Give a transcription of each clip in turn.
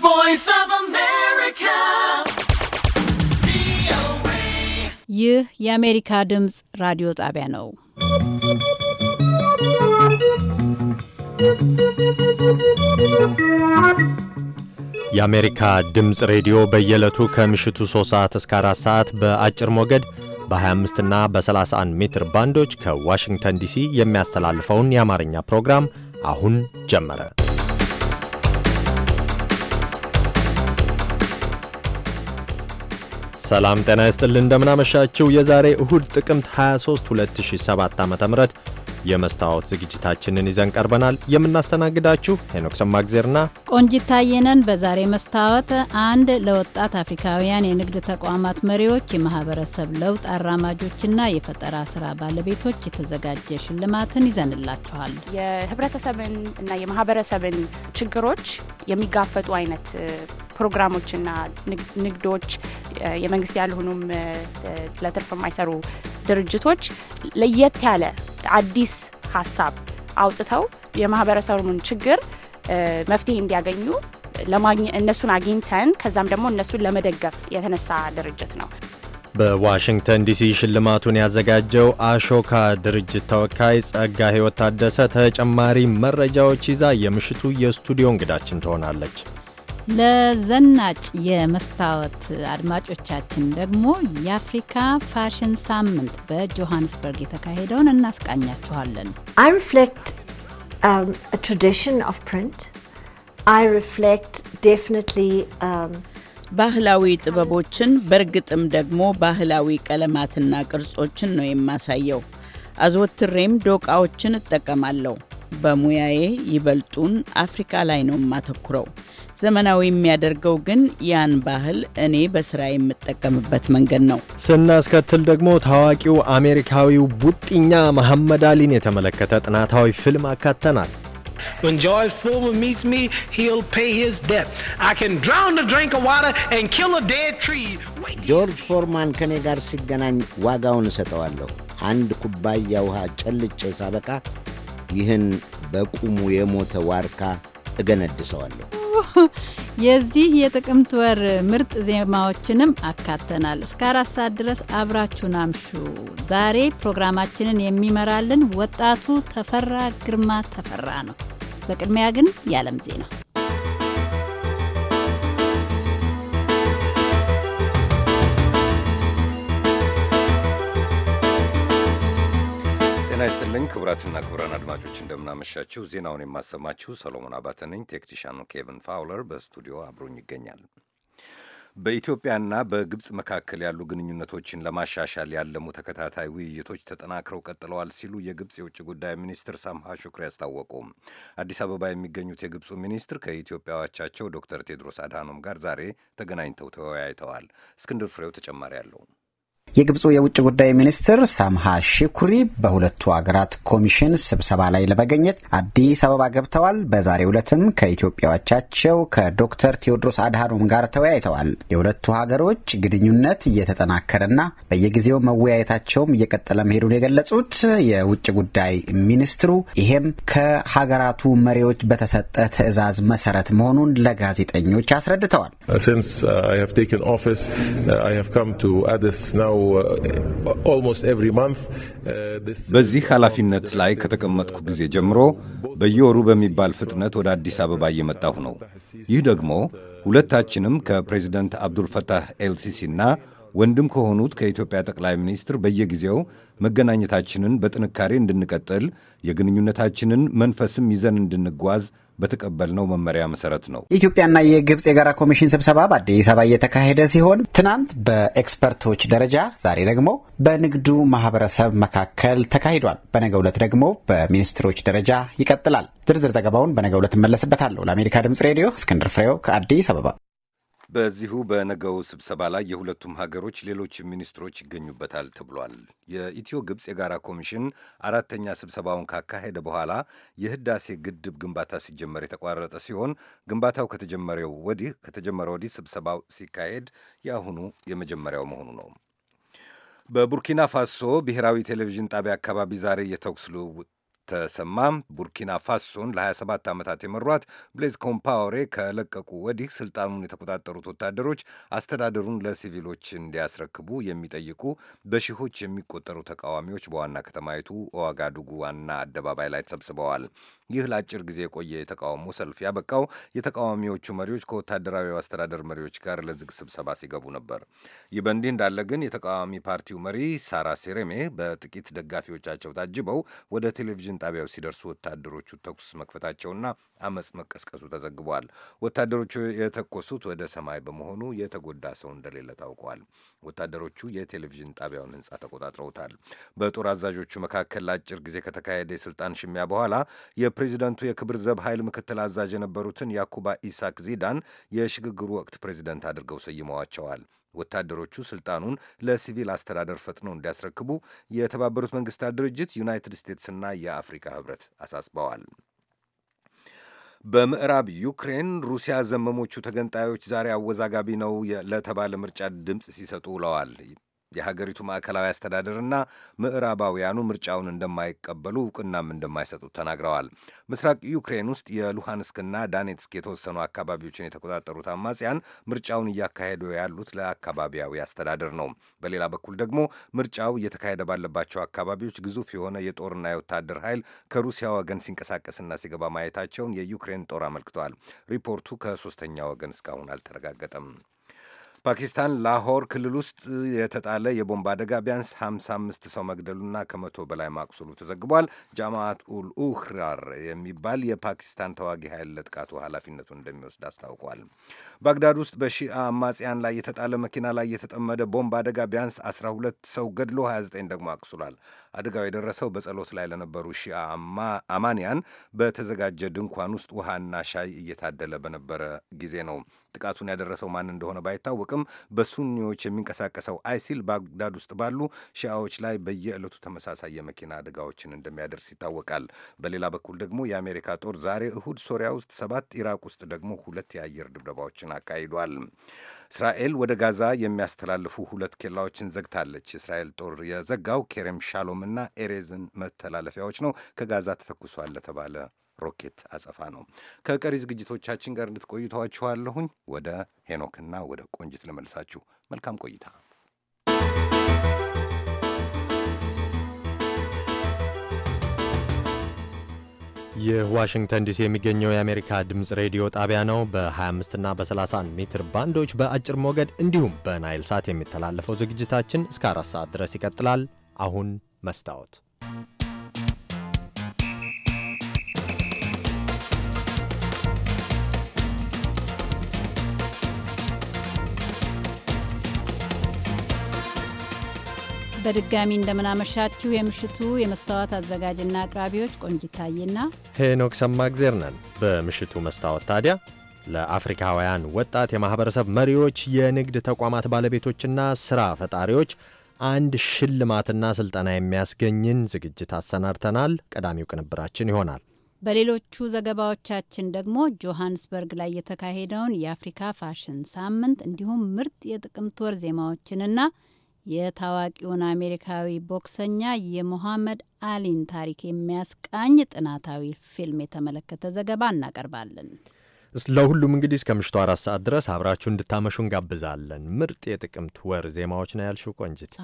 Voice of America. ይህ የአሜሪካ ድምፅ ራዲዮ ጣቢያ ነው። የአሜሪካ ድምፅ ሬዲዮ በየዕለቱ ከምሽቱ 3 ሰዓት እስከ 4 ሰዓት በአጭር ሞገድ በ25 እና በ31 ሜትር ባንዶች ከዋሽንግተን ዲሲ የሚያስተላልፈውን የአማርኛ ፕሮግራም አሁን ጀመረ። ሰላም ጤና ይስጥልን እንደምናመሻችው የዛሬ እሁድ ጥቅምት 23 2007 ዓ ም የመስታወት ዝግጅታችንን ይዘን ቀርበናል። የምናስተናግዳችሁ ሄኖክ ሰማግዜርና ቆንጂት ታየነን። በዛሬ መስታወት አንድ ለወጣት አፍሪካውያን የንግድ ተቋማት መሪዎች፣ የማህበረሰብ ለውጥ አራማጆችና የፈጠራ ስራ ባለቤቶች የተዘጋጀ ሽልማትን ይዘንላችኋል። የህብረተሰብን እና የማህበረሰብን ችግሮች የሚጋፈጡ አይነት ፕሮግራሞችና ንግዶች የመንግስት ያልሆኑም ለትርፍ የማይሰሩ ድርጅቶች ለየት ያለ አዲስ ሀሳብ አውጥተው የማህበረሰቡን ችግር መፍትሄ እንዲያገኙ እነሱን አግኝተን ከዛም ደግሞ እነሱን ለመደገፍ የተነሳ ድርጅት ነው። በዋሽንግተን ዲሲ ሽልማቱን ያዘጋጀው አሾካ ድርጅት ተወካይ ጸጋ ህይወት ታደሰ ተጨማሪ መረጃዎች ይዛ የምሽቱ የስቱዲዮ እንግዳችን ትሆናለች። ለዘናጭ የመስታወት አድማጮቻችን ደግሞ የአፍሪካ ፋሽን ሳምንት በጆሃንስበርግ የተካሄደውን እናስቃኛችኋለን። um, um, ባህላዊ ጥበቦችን በእርግጥም ደግሞ ባህላዊ ቀለማትና ቅርጾችን ነው የማሳየው። አዘወትሬም ዶቃዎችን እጠቀማለሁ። በሙያዬ ይበልጡን አፍሪካ ላይ ነው የማተኩረው። ዘመናዊ የሚያደርገው ግን ያን ባህል እኔ በስራ የምጠቀምበት መንገድ ነው። ስናስከትል ደግሞ ታዋቂው አሜሪካዊው ቡጢኛ መሐመድ አሊን የተመለከተ ጥናታዊ ፊልም አካተናል። When George Foreman meets me, he'll pay his debt. I can drown a drink of water and kill a dead tree. ጆርጅ ፎርማን ከኔ ጋር ሲገናኝ ዋጋውን እሰጠዋለሁ። አንድ ኩባያ ውሃ ጨልጬ ሳበቃ ይህን በቁሙ የሞተ ዋርካ እገነድሰዋለሁ። የዚህ የጥቅምት ወር ምርጥ ዜማዎችንም አካተናል። እስከ አራት ሰዓት ድረስ አብራችሁን አምሹ። ዛሬ ፕሮግራማችንን የሚመራልን ወጣቱ ተፈራ ግርማ ተፈራ ነው። በቅድሚያ ግን የዓለም ዜና ይስጥልኝ ክቡራትና ክቡራን አድማጮች እንደምናመሻችሁ። ዜናውን የማሰማችሁ ሰሎሞን አባተ ነኝ። ቴክኒሻኑ ኬቨን ፋውለር በስቱዲዮ አብሮኝ ይገኛል። በኢትዮጵያና በግብፅ መካከል ያሉ ግንኙነቶችን ለማሻሻል ያለሙ ተከታታይ ውይይቶች ተጠናክረው ቀጥለዋል ሲሉ የግብፅ የውጭ ጉዳይ ሚኒስትር ሳምሃ ሹክሪ አስታወቁ። አዲስ አበባ የሚገኙት የግብፁ ሚኒስትር ከኢትዮጵያ አቻቸው ዶክተር ቴድሮስ አድሃኖም ጋር ዛሬ ተገናኝተው ተወያይተዋል። እስክንድር ፍሬው ተጨማሪ አለው። የግብፁ የውጭ ጉዳይ ሚኒስትር ሳምሃ ሽኩሪ በሁለቱ አገራት ኮሚሽን ስብሰባ ላይ ለመገኘት አዲስ አበባ ገብተዋል። በዛሬ ዕለትም ከኢትዮጵያዎቻቸው ከዶክተር ቴዎድሮስ አድሃኖም ጋር ተወያይተዋል። የሁለቱ ሀገሮች ግንኙነት እየተጠናከረና በየጊዜው መወያየታቸውም እየቀጠለ መሄዱን የገለጹት የውጭ ጉዳይ ሚኒስትሩ ይሄም ከሀገራቱ መሪዎች በተሰጠ ትዕዛዝ መሰረት መሆኑን ለጋዜጠኞች አስረድተዋል። Uh, uh, በዚህ ኃላፊነት ላይ ከተቀመጥኩ ጊዜ ጀምሮ በየወሩ በሚባል ፍጥነት ወደ አዲስ አበባ እየመጣሁ ነው። ይህ ደግሞ ሁለታችንም ከፕሬዚደንት አብዱልፈታህ ኤልሲሲና ወንድም ከሆኑት ከኢትዮጵያ ጠቅላይ ሚኒስትር በየጊዜው መገናኘታችንን በጥንካሬ እንድንቀጥል የግንኙነታችንን መንፈስም ይዘን እንድንጓዝ በተቀበልነው መመሪያ መሰረት ነው። የኢትዮጵያና የግብፅ የጋራ ኮሚሽን ስብሰባ በአዲስ አበባ እየተካሄደ ሲሆን ትናንት በኤክስፐርቶች ደረጃ፣ ዛሬ ደግሞ በንግዱ ማህበረሰብ መካከል ተካሂዷል። በነገ ዕለት ደግሞ በሚኒስትሮች ደረጃ ይቀጥላል። ዝርዝር ዘገባውን በነገ ዕለት እመለስበታለሁ። ለአሜሪካ ድምፅ ሬዲዮ እስክንድር ፍሬው ከአዲስ አበባ በዚሁ በነገው ስብሰባ ላይ የሁለቱም ሀገሮች ሌሎች ሚኒስትሮች ይገኙበታል ተብሏል። የኢትዮ ግብፅ የጋራ ኮሚሽን አራተኛ ስብሰባውን ካካሄደ በኋላ የህዳሴ ግድብ ግንባታ ሲጀመር የተቋረጠ ሲሆን ግንባታው ከተጀመረው ወዲህ ከተጀመረ ወዲህ ስብሰባው ሲካሄድ የአሁኑ የመጀመሪያው መሆኑ ነው። በቡርኪና ፋሶ ብሔራዊ ቴሌቪዥን ጣቢያ አካባቢ ዛሬ የተኩስ ልውውጥ ተሰማ ቡርኪና ፋሶን ለ27 ዓመታት የመሯት ብሌዝ ኮምፓወሬ ከለቀቁ ወዲህ ስልጣኑን የተቆጣጠሩት ወታደሮች አስተዳደሩን ለሲቪሎች እንዲያስረክቡ የሚጠይቁ በሺዎች የሚቆጠሩ ተቃዋሚዎች በዋና ከተማይቱ ኦዋጋዱጉ ዋና አደባባይ ላይ ተሰብስበዋል። ይህ ለአጭር ጊዜ የቆየ የተቃውሞ ሰልፍ ያበቃው የተቃዋሚዎቹ መሪዎች ከወታደራዊ አስተዳደር መሪዎች ጋር ለዝግ ስብሰባ ሲገቡ ነበር። ይህ በእንዲህ እንዳለ ግን የተቃዋሚ ፓርቲው መሪ ሳራ ሲሬሜ በጥቂት ደጋፊዎቻቸው ታጅበው ወደ ቴሌቪዥን ቴሌቪዥን ጣቢያው ሲደርሱ ወታደሮቹ ተኩስ መክፈታቸውና አመፅ መቀስቀሱ ተዘግቧል። ወታደሮቹ የተኮሱት ወደ ሰማይ በመሆኑ የተጎዳ ሰው እንደሌለ ታውቋል። ወታደሮቹ የቴሌቪዥን ጣቢያውን ህንፃ ተቆጣጥረውታል። በጦር አዛዦቹ መካከል ለአጭር ጊዜ ከተካሄደ የስልጣን ሽሚያ በኋላ የፕሬዚደንቱ የክብር ዘብ ኃይል ምክትል አዛዥ የነበሩትን ያኩባ ኢሳክ ዚዳን የሽግግሩ ወቅት ፕሬዚደንት አድርገው ሰይመዋቸዋል። ወታደሮቹ ስልጣኑን ለሲቪል አስተዳደር ፈጥነው እንዲያስረክቡ የተባበሩት መንግስታት ድርጅት፣ ዩናይትድ ስቴትስና የአፍሪካ ህብረት አሳስበዋል። በምዕራብ ዩክሬን ሩሲያ ዘመሞቹ ተገንጣዮች ዛሬ አወዛጋቢ ነው ለተባለ ምርጫ ድምፅ ሲሰጡ ውለዋል። የሀገሪቱ ማዕከላዊ አስተዳደርና ምዕራባውያኑ ምርጫውን እንደማይቀበሉ እውቅናም እንደማይሰጡት ተናግረዋል። ምስራቅ ዩክሬን ውስጥ የሉሃንስክና ዳኔትስክ የተወሰኑ አካባቢዎችን የተቆጣጠሩት አማጽያን ምርጫውን እያካሄዱ ያሉት ለአካባቢያዊ አስተዳደር ነው። በሌላ በኩል ደግሞ ምርጫው እየተካሄደ ባለባቸው አካባቢዎች ግዙፍ የሆነ የጦርና የወታደር ኃይል ከሩሲያ ወገን ሲንቀሳቀስና ሲገባ ማየታቸውን የዩክሬን ጦር አመልክቷል። ሪፖርቱ ከሶስተኛ ወገን እስካሁን አልተረጋገጠም። ፓኪስታን ላሆር ክልል ውስጥ የተጣለ የቦምብ አደጋ ቢያንስ 55 ሰው መግደሉና ከመቶ በላይ ማቁሰሉ ተዘግቧል። ጃማአት ኡል ኡህራር የሚባል የፓኪስታን ተዋጊ ኃይል ለጥቃቱ ኃላፊነቱን እንደሚወስድ አስታውቋል። ባግዳድ ውስጥ በሺአ አማጽያን ላይ የተጣለ መኪና ላይ የተጠመደ ቦምብ አደጋ ቢያንስ 12 ሰው ገድሎ 29 ደግሞ አቁስሏል። አደጋው የደረሰው በጸሎት ላይ ለነበሩ ሺአ አማንያን በተዘጋጀ ድንኳን ውስጥ ውሃና ሻይ እየታደለ በነበረ ጊዜ ነው። ጥቃቱን ያደረሰው ማን እንደሆነ ባይታወቅም በሱኒዎች የሚንቀሳቀሰው አይሲል ባግዳድ ውስጥ ባሉ ሺአዎች ላይ በየዕለቱ ተመሳሳይ የመኪና አደጋዎችን እንደሚያደርስ ይታወቃል። በሌላ በኩል ደግሞ የአሜሪካ ጦር ዛሬ እሁድ ሶሪያ ውስጥ ሰባት፣ ኢራቅ ውስጥ ደግሞ ሁለት የአየር ድብደባዎችን አካሂዷል። እስራኤል ወደ ጋዛ የሚያስተላልፉ ሁለት ኬላዎችን ዘግታለች። የእስራኤል ጦር የዘጋው ኬሬም ሻሎም ሆምና ኤሬዝን መተላለፊያዎች ነው። ከጋዛ ተተኩሷል ለተባለ ሮኬት አጸፋ ነው። ከቀሪ ዝግጅቶቻችን ጋር እንድትቆዩ ወደ ሄኖክና ወደ ቆንጅት ልመልሳችሁ። መልካም ቆይታ። ይህ ዋሽንግተን ዲሲ የሚገኘው የአሜሪካ ድምፅ ሬዲዮ ጣቢያ ነው። በ25 እና በ31 ሜትር ባንዶች በአጭር ሞገድ እንዲሁም በናይል ሳት የሚተላለፈው ዝግጅታችን እስከ አራት ሰዓት ድረስ ይቀጥላል። አሁን መስታወት በድጋሚ እንደምናመሻችሁ የምሽቱ የመስታወት አዘጋጅና አቅራቢዎች ቆንጂታዬና ሄኖክ ሰማግዜር ነን። በምሽቱ መስታወት ታዲያ ለአፍሪካውያን ወጣት የማህበረሰብ መሪዎች፣ የንግድ ተቋማት ባለቤቶችና ስራ ፈጣሪዎች አንድ ሽልማትና ስልጠና የሚያስገኝን ዝግጅት አሰናድተናል። ቀዳሚው ቅንብራችን ይሆናል። በሌሎቹ ዘገባዎቻችን ደግሞ ጆሃንስበርግ ላይ የተካሄደውን የአፍሪካ ፋሽን ሳምንት እንዲሁም ምርጥ የጥቅምት ወር ዜማዎችንና የታዋቂውን አሜሪካዊ ቦክሰኛ የሞሐመድ አሊን ታሪክ የሚያስቃኝ ጥናታዊ ፊልም የተመለከተ ዘገባ እናቀርባለን። ለሁሉም እንግዲህ እስከ ምሽቱ አራት ሰዓት ድረስ አብራችሁ እንድታመሹ እንጋብዛለን። ምርጥ የጥቅምት ወር ዜማዎች ነው ያልሽው ቆንጅት።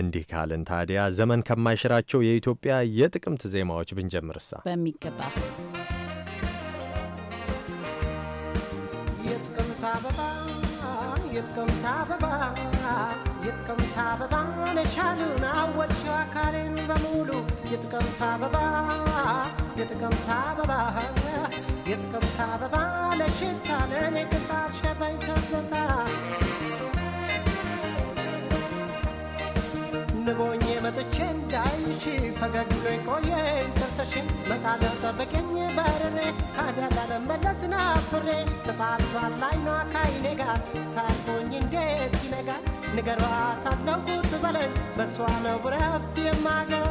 እንዲህ ካልን ታዲያ ዘመን ከማይሽራቸው የኢትዮጵያ የጥቅምት ዜማዎች ብንጀምርሳ በሚገባ የጥቅምት አበባ የጥቅምት አበባ ነሻሉን አወድሽው አካሌን በሙሉ የጥቅምት አበባ የጥቅምት አበባ የጥቅምት አበባ ለሽታ ለእኔ ቅጣት ሸባኝ ተዘታ ንቦኜ መጥቼ እንዳይሽ ፈገግ ብሎ የቆየኝ ጥርስሽን መጣለ ጠበቀኝ በርሬ ታዲያ ላለመለስ ናፍሬ ተጣልቷል አይኗ ካይኔ ጋር ስታርጎኝ እንዴት ይነጋል ንገሯት አለሁት በለኝ በእሷ ነው ብረፍት የማገው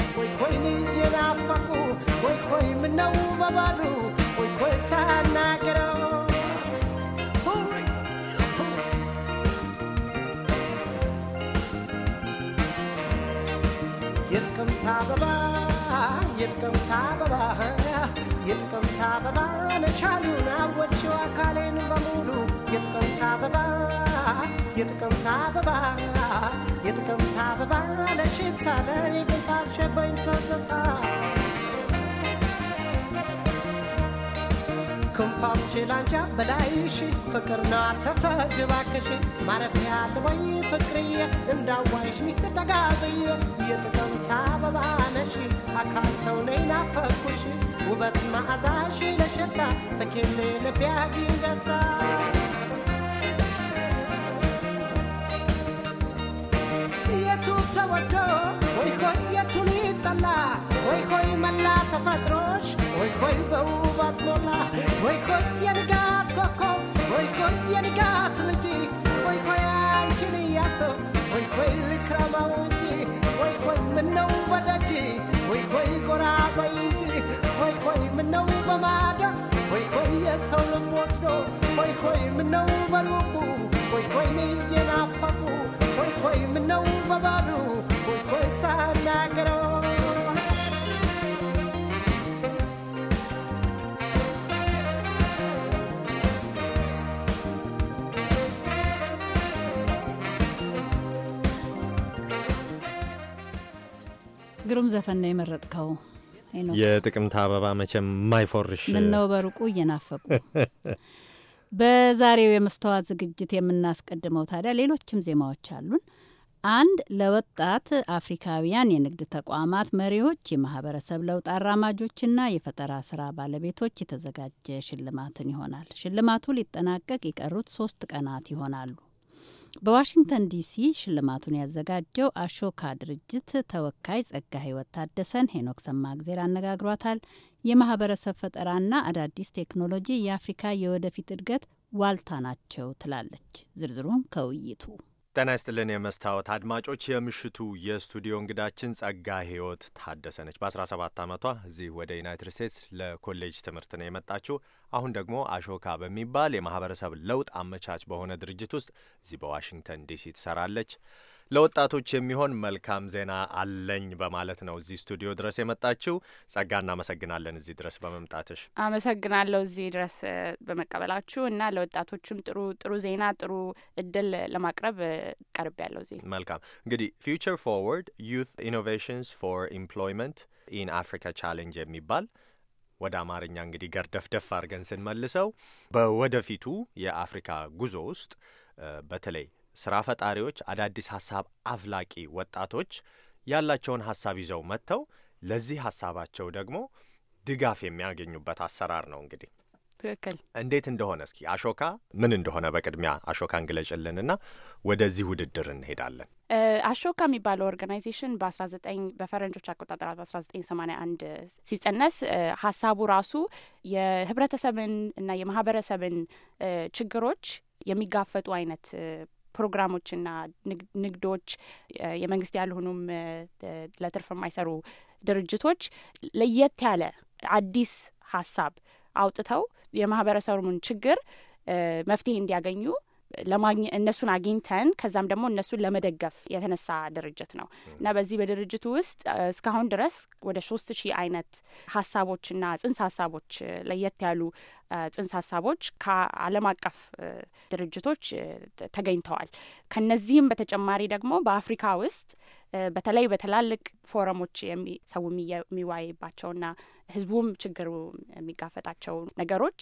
ቆይ ቆይ እየናፈቁ ወይ ቆይ ምነው በባሉ ቆይ ቆይ ሳናገረው የጥቅምት አበባ የጥቅምት አበባ የጥቅምት አበባ ነሻሉን አወድሽው አካሌን በሙሉ የጥቅምት አበባ የጥቅምት አበባ የጥቅምት አበባ ለሽታ ለኔግንፋት ሸበኝ ተዘታ ክንፋም ችላንጃ በላይሽ ፍቅርና ተፈጅ ባክሽ ማረፊያ ልወይ ፍቅርዬ እንዳዋይሽ ሚስጥር ተጋብዬ የጥቅምት አበባ ነሽ አካል ሰው ነይ ናፈኩሽ ውበት መዓዛሽ ለሸታ ፍኬሌ ልቤ ያግኝ ደስታ ወዶ ወይ ሆይ የቱን ይጠላ ወይ ሆይ መላ ተፈጥሮች ወይ ሆይ በውባት ሞላ ወይ ሆይ የንጋት ኮከብ ወይ ሆይ የንጋት ልጅ ወይ ሆይ አንቺን እያሰብ ወይ ሆይ ልክረማው እንጂ ወይ ሆይ ምነው ወደጅ ወይ ሆይ ጎራ በይ እንጂ ወይ ሆይ ምነው በማዳ 也操了魔咒，会会没弄巴鲁布，会会你也那巴布，会会没弄巴巴鲁，会会撒那个罗。ግሩም ዘፈን ነው የመረጥከው። የጥቅምት አበባ መቼም ማይፎርሽ ምነው በሩቁ እየናፈቁ በዛሬው የመስተዋት ዝግጅት የምናስቀድመው ታዲያ ሌሎችም ዜማዎች አሉን። አንድ ለወጣት አፍሪካውያን የንግድ ተቋማት መሪዎች፣ የማህበረሰብ ለውጥ አራማጆችና የፈጠራ ስራ ባለቤቶች የተዘጋጀ ሽልማትን ይሆናል። ሽልማቱ ሊጠናቀቅ የቀሩት ሶስት ቀናት ይሆናሉ። በዋሽንግተን ዲሲ ሽልማቱን ያዘጋጀው አሾካ ድርጅት ተወካይ ጸጋ ህይወት ታደሰን ሄኖክ ሰማእግዜር አነጋግሯታል። የማህበረሰብ ፈጠራና አዳዲስ ቴክኖሎጂ የአፍሪካ የወደፊት እድገት ዋልታ ናቸው ትላለች። ዝርዝሩን ከውይይቱ ጤና ይስጥልን የመስታወት አድማጮች፣ የምሽቱ የስቱዲዮ እንግዳችን ጸጋ ህይወት ታደሰ ነች። በ17 ዓመቷ እዚህ ወደ ዩናይትድ ስቴትስ ለኮሌጅ ትምህርት ነው የመጣችው። አሁን ደግሞ አሾካ በሚባል የማህበረሰብ ለውጥ አመቻች በሆነ ድርጅት ውስጥ እዚህ በዋሽንግተን ዲሲ ትሰራለች። ለወጣቶች የሚሆን መልካም ዜና አለኝ በማለት ነው እዚህ ስቱዲዮ ድረስ የመጣችው። ጸጋ፣ እናመሰግናለን እዚህ ድረስ በመምጣትሽ። አመሰግናለሁ እዚህ ድረስ በመቀበላችሁ እና ለወጣቶችም ጥሩ ጥሩ ዜና ጥሩ እድል ለማቅረብ ቀርብ ያለው ዜ መልካም እንግዲህ ፊውቸር ፎርወርድ ዩት ኢኖቬሽንስ ፎር ኢምፕሎይመንት ኢን አፍሪካ ቻሌንጅ የሚባል ወደ አማርኛ እንግዲህ ገርደፍደፍ አድርገን ስንመልሰው በወደፊቱ የአፍሪካ ጉዞ ውስጥ በተለይ ስራ ፈጣሪዎች፣ አዳዲስ ሀሳብ አፍላቂ ወጣቶች ያላቸውን ሀሳብ ይዘው መጥተው ለዚህ ሀሳባቸው ደግሞ ድጋፍ የሚያገኙበት አሰራር ነው። እንግዲህ ትክክል እንዴት እንደሆነ እስኪ አሾካ ምን እንደሆነ በቅድሚያ አሾካ እንግለጭልንና ወደዚህ ውድድር እንሄዳለን። አሾካ የሚባለው ኦርጋናይዜሽን በ19 በፈረንጆች አቆጣጠር በ1981 ሲጸነስ ሀሳቡ ራሱ የህብረተሰብን እና የማህበረሰብን ችግሮች የሚጋፈጡ አይነት ፕሮግራሞችና ንግዶች የመንግስት ያልሆኑም ለትርፍ የማይሰሩ ድርጅቶች ለየት ያለ አዲስ ሀሳብ አውጥተው የማህበረሰቡን ችግር መፍትሄ እንዲያገኙ እነሱን አግኝተን ከዛም ደግሞ እነሱን ለመደገፍ የተነሳ ድርጅት ነው እና በዚህ በድርጅቱ ውስጥ እስካሁን ድረስ ወደ ሶስት ሺህ አይነት ሀሳቦችና ጽንሰ ሀሳቦች ለየት ያሉ ጽንሰ ሀሳቦች ከዓለም አቀፍ ድርጅቶች ተገኝተዋል። ከነዚህም በተጨማሪ ደግሞ በአፍሪካ ውስጥ በተለይ በትላልቅ ፎረሞች ሰው የሚዋይባቸውና ህዝቡም ችግሩ የሚጋፈጣቸው ነገሮች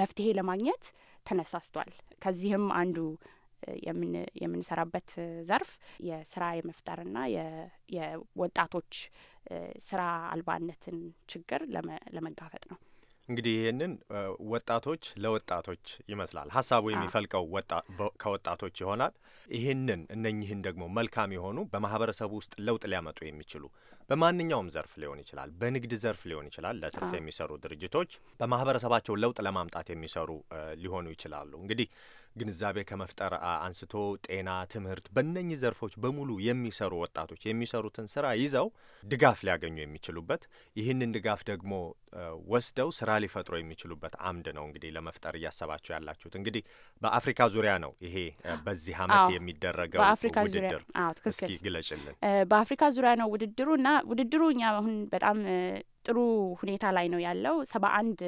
መፍትሄ ለማግኘት ተነሳስቷል። ከዚህም አንዱ የምንሰራበት ዘርፍ የስራ የመፍጠርና የወጣቶች ስራ አልባነትን ችግር ለመጋፈጥ ነው። እንግዲህ ይህንን ወጣቶች ለወጣቶች ይመስላል ሀሳቡ የሚፈልቀው ከወጣቶች ይሆናል። ይህንን እነኚህን ደግሞ መልካም የሆኑ በማህበረሰቡ ውስጥ ለውጥ ሊያመጡ የሚችሉ በማንኛውም ዘርፍ ሊሆን ይችላል፣ በንግድ ዘርፍ ሊሆን ይችላል። ለትርፍ የሚሰሩ ድርጅቶች በማህበረሰባቸው ለውጥ ለማምጣት የሚሰሩ ሊሆኑ ይችላሉ። እንግዲህ ግንዛቤ ከመፍጠር አንስቶ ጤና፣ ትምህርት፣ በእነኚህ ዘርፎች በሙሉ የሚሰሩ ወጣቶች የሚሰሩትን ስራ ይዘው ድጋፍ ሊያገኙ የሚችሉበት ይህንን ድጋፍ ደግሞ ወስደው ስራ ሊፈጥሩ የሚችሉበት አምድ ነው እንግዲህ ለመፍጠር እያሰባችሁ ያላችሁት። እንግዲህ በአፍሪካ ዙሪያ ነው ይሄ በዚህ አመት የሚደረገው ውድድር። እስኪ ግለጭልን። በአፍሪካ ዙሪያ ነው ውድድሩ እና ውድድሩ እኛ አሁን በጣም ጥሩ ሁኔታ ላይ ነው ያለው። ሰባ አንድ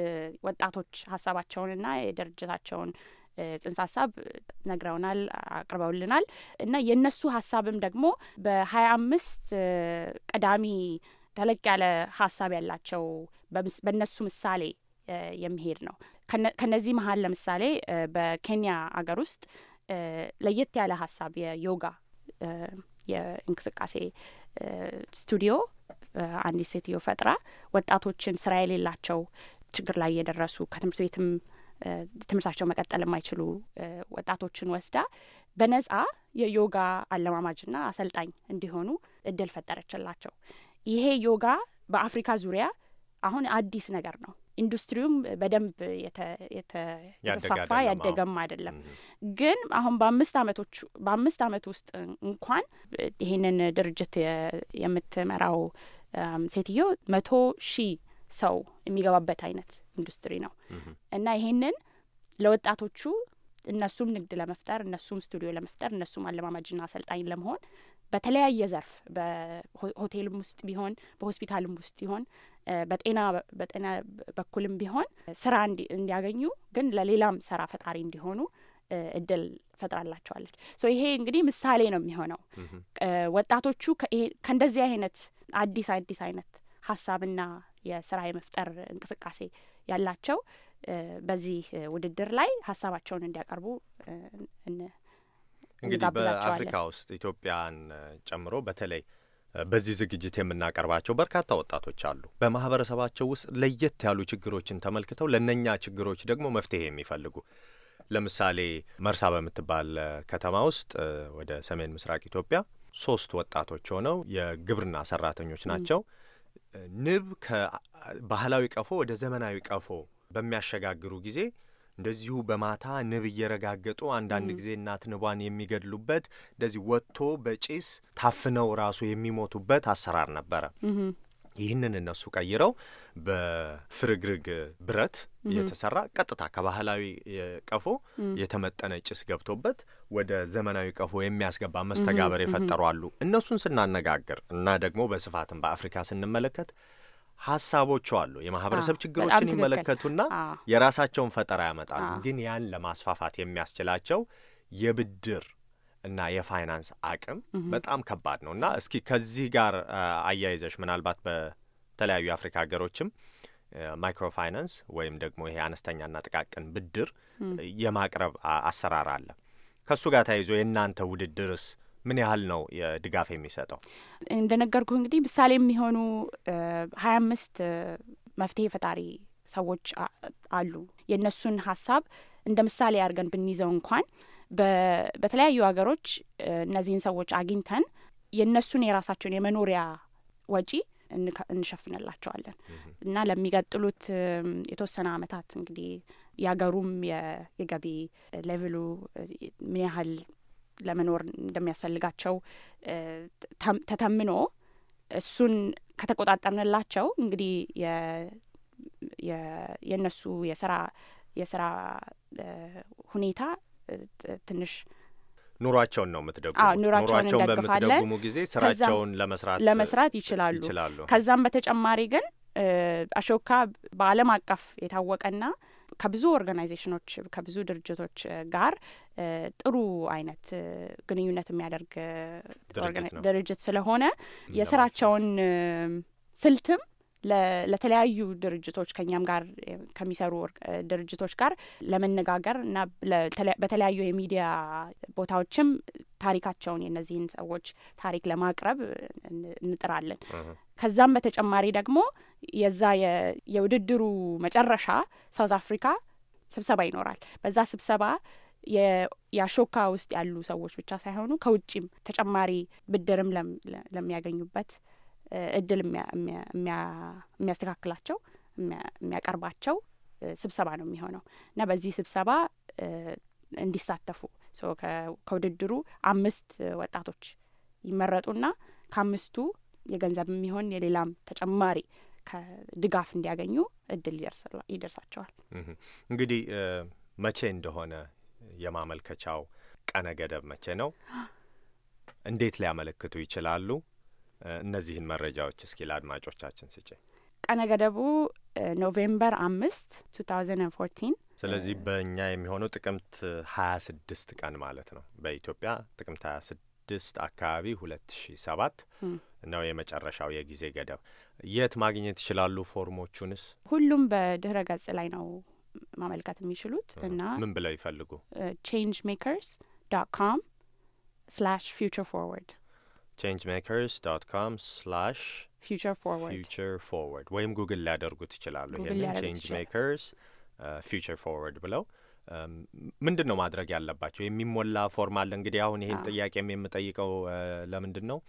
ወጣቶች ሀሳባቸውንና የድርጅታቸውን ጽንሰ ሀሳብ ነግረውናል፣ አቅርበውልናል እና የእነሱ ሀሳብም ደግሞ በሀያ አምስት ቀዳሚ ተለቅ ያለ ሀሳብ ያላቸው በእነሱ ምሳሌ የሚሄድ ነው። ከነዚህ መሀል ለምሳሌ በኬንያ አገር ውስጥ ለየት ያለ ሀሳብ የዮጋ የእንቅስቃሴ ስቱዲዮ አንዲት ሴትዮ ፈጥራ ወጣቶችን ስራ የሌላቸው ችግር ላይ የደረሱ ከትምህርት ቤትም ትምህርታቸው መቀጠል የማይችሉ ወጣቶችን ወስዳ በነጻ የዮጋ አለማማጅና አሰልጣኝ እንዲሆኑ እድል ፈጠረችላቸው። ይሄ ዮጋ በአፍሪካ ዙሪያ አሁን አዲስ ነገር ነው። ኢንዱስትሪውም በደንብ የተስፋፋ ያደገም አይደለም። ግን አሁን በአምስት አመቶች በአምስት አመት ውስጥ እንኳን ይህንን ድርጅት የምትመራው ሴትዮ መቶ ሺህ ሰው የሚገባበት አይነት ኢንዱስትሪ ነው እና ይሄንን ለወጣቶቹ እነሱም ንግድ ለመፍጠር እነሱም ስቱዲዮ ለመፍጠር እነሱም አለማማጅና አሰልጣኝ ለመሆን በተለያየ ዘርፍ በሆቴልም ውስጥ ቢሆን በሆስፒታልም ውስጥ ቢሆን በጤና በጤና በኩልም ቢሆን ስራ እንዲያገኙ ግን ለሌላም ስራ ፈጣሪ እንዲሆኑ እድል ፈጥራላቸዋለች። ሶ ይሄ እንግዲህ ምሳሌ ነው የሚሆነው ወጣቶቹ ከእንደዚህ አይነት አዲስ አዲስ አይነት ሀሳብና የስራ የመፍጠር እንቅስቃሴ ያላቸው በዚህ ውድድር ላይ ሀሳባቸውን እንዲያቀርቡ እንግዲህ በአፍሪካ ውስጥ ኢትዮጵያን ጨምሮ በተለይ በዚህ ዝግጅት የምናቀርባቸው በርካታ ወጣቶች አሉ። በማህበረሰባቸው ውስጥ ለየት ያሉ ችግሮችን ተመልክተው ለነኛ ችግሮች ደግሞ መፍትሄ የሚፈልጉ ለምሳሌ መርሳ በምትባል ከተማ ውስጥ ወደ ሰሜን ምስራቅ ኢትዮጵያ ሶስት ወጣቶች ሆነው የግብርና ሰራተኞች ናቸው። ንብ ከባህላዊ ቀፎ ወደ ዘመናዊ ቀፎ በሚያሸጋግሩ ጊዜ እንደዚሁ በማታ ንብ እየረጋገጡ አንዳንድ ጊዜ እናት ንቧን የሚገድሉበት እንደዚህ ወጥቶ በጭስ ታፍነው ራሱ የሚሞቱበት አሰራር ነበረ። ይህንን እነሱ ቀይረው በፍርግርግ ብረት የተሰራ ቀጥታ ከባህላዊ ቀፎ የተመጠነ ጭስ ገብቶበት ወደ ዘመናዊ ቀፎ የሚያስገባ መስተጋበር የፈጠሩ አሉ። እነሱን ስናነጋግር እና ደግሞ በስፋትም በአፍሪካ ስንመለከት ሀሳቦቹ አሉ። የማህበረሰብ ችግሮችን ይመለከቱና የራሳቸውን ፈጠራ ያመጣሉ። ግን ያን ለማስፋፋት የሚያስችላቸው የብድር እና የፋይናንስ አቅም በጣም ከባድ ነው እና እስኪ ከዚህ ጋር አያይዘሽ ምናልባት በተለያዩ የአፍሪካ ሀገሮችም ማይክሮ ፋይናንስ ወይም ደግሞ ይሄ አነስተኛና ጥቃቅን ብድር የማቅረብ አሰራር አለ። ከእሱ ጋር ተያይዞ የእናንተ ውድድርስ ምን ያህል ነው ድጋፍ የሚሰጠው? እንደነገርኩህ እንግዲህ ምሳሌ የሚሆኑ ሀያ አምስት መፍትሄ ፈጣሪ ሰዎች አሉ። የእነሱን ሀሳብ እንደ ምሳሌ አድርገን ብንይዘው እንኳን በተለያዩ ሀገሮች እነዚህን ሰዎች አግኝተን የእነሱን የራሳቸውን የመኖሪያ ወጪ እንሸፍንላቸዋለን እና ለሚቀጥሉት የተወሰነ አመታት እንግዲህ የሀገሩም የገቢ ሌቭሉ ምን ያህል ለመኖር እንደሚያስፈልጋቸው ተተምኖ እሱን ከተቆጣጠርንላቸው እንግዲህ የእነሱ የስራ የስራ ሁኔታ ትንሽ ኑሯቸውን ነው የምትደጉሙ። ኑሯቸውን በምትደጉሙ ጊዜ ስራቸውን ለመስራት ለመስራት ይችላሉ ይችላሉ። ከዛም በተጨማሪ ግን አሾካ በዓለም አቀፍ የታወቀና ከብዙ ኦርጋናይዜሽኖች ከብዙ ድርጅቶች ጋር ጥሩ አይነት ግንኙነት የሚያደርግ ድርጅት ስለሆነ የስራቸውን ስልትም ለተለያዩ ድርጅቶች ከኛም ጋር ከሚሰሩ ድርጅቶች ጋር ለመነጋገር እና በተለያዩ የሚዲያ ቦታዎችም ታሪካቸውን የእነዚህን ሰዎች ታሪክ ለማቅረብ እንጥራለን። ከዛም በተጨማሪ ደግሞ የዛ የውድድሩ መጨረሻ ሳውዝ አፍሪካ ስብሰባ ይኖራል። በዛ ስብሰባ የአሾካ ውስጥ ያሉ ሰዎች ብቻ ሳይሆኑ ከውጭም ተጨማሪ ብድርም ለሚያገኙበት እድል የሚያስተካክላቸው የሚያቀርባቸው ስብሰባ ነው የሚሆነው እና በዚህ ስብሰባ እንዲሳተፉ ከውድድሩ አምስት ወጣቶች ይመረጡና ከአምስቱ የገንዘብ የሚሆን የሌላም ተጨማሪ ከድጋፍ እንዲያገኙ እድል ይደርሳቸዋል። እንግዲህ መቼ እንደሆነ የማመልከቻው ቀነ ገደብ መቼ ነው? እንዴት ሊያመለክቱ ይችላሉ? እነዚህን መረጃዎች እስኪ ለአድማጮቻችን ስጭ። ቀነ ገደቡ ኖቬምበር አምስት ቱ ታውዘንድ ፎርቲን ስለዚህ በእኛ የሚሆነው ጥቅምት ሀያ ስድስት ቀን ማለት ነው። በኢትዮጵያ ጥቅምት ሀያ ስድስት አካባቢ ሁለት ሺ ሰባት ነው የመጨረሻው የጊዜ ገደብ። የት ማግኘት ይችላሉ? ፎርሞቹንስ ሁሉም በድህረ ገጽ ላይ ነው ማመልከት የሚችሉት እና ምን ብለው ይፈልጉ ቼንጅ ሜከርስ ዶት ካም ስላሽ ፊውቸር ፎርወርድ changemakers.com slash future forward future forward ወይም ጉግል ሊያደርጉት ይችላሉ። ይሄንን ቼንጅ ሜከርስ ፊውቸር ፎርወርድ ብለው um, ምንድን ነው ማድረግ ያለባቸው? የሚሞላ ፎርም አለ። እንግዲህ አሁን ይህን ጥያቄም የምጠይቀው uh, ለምንድን ነው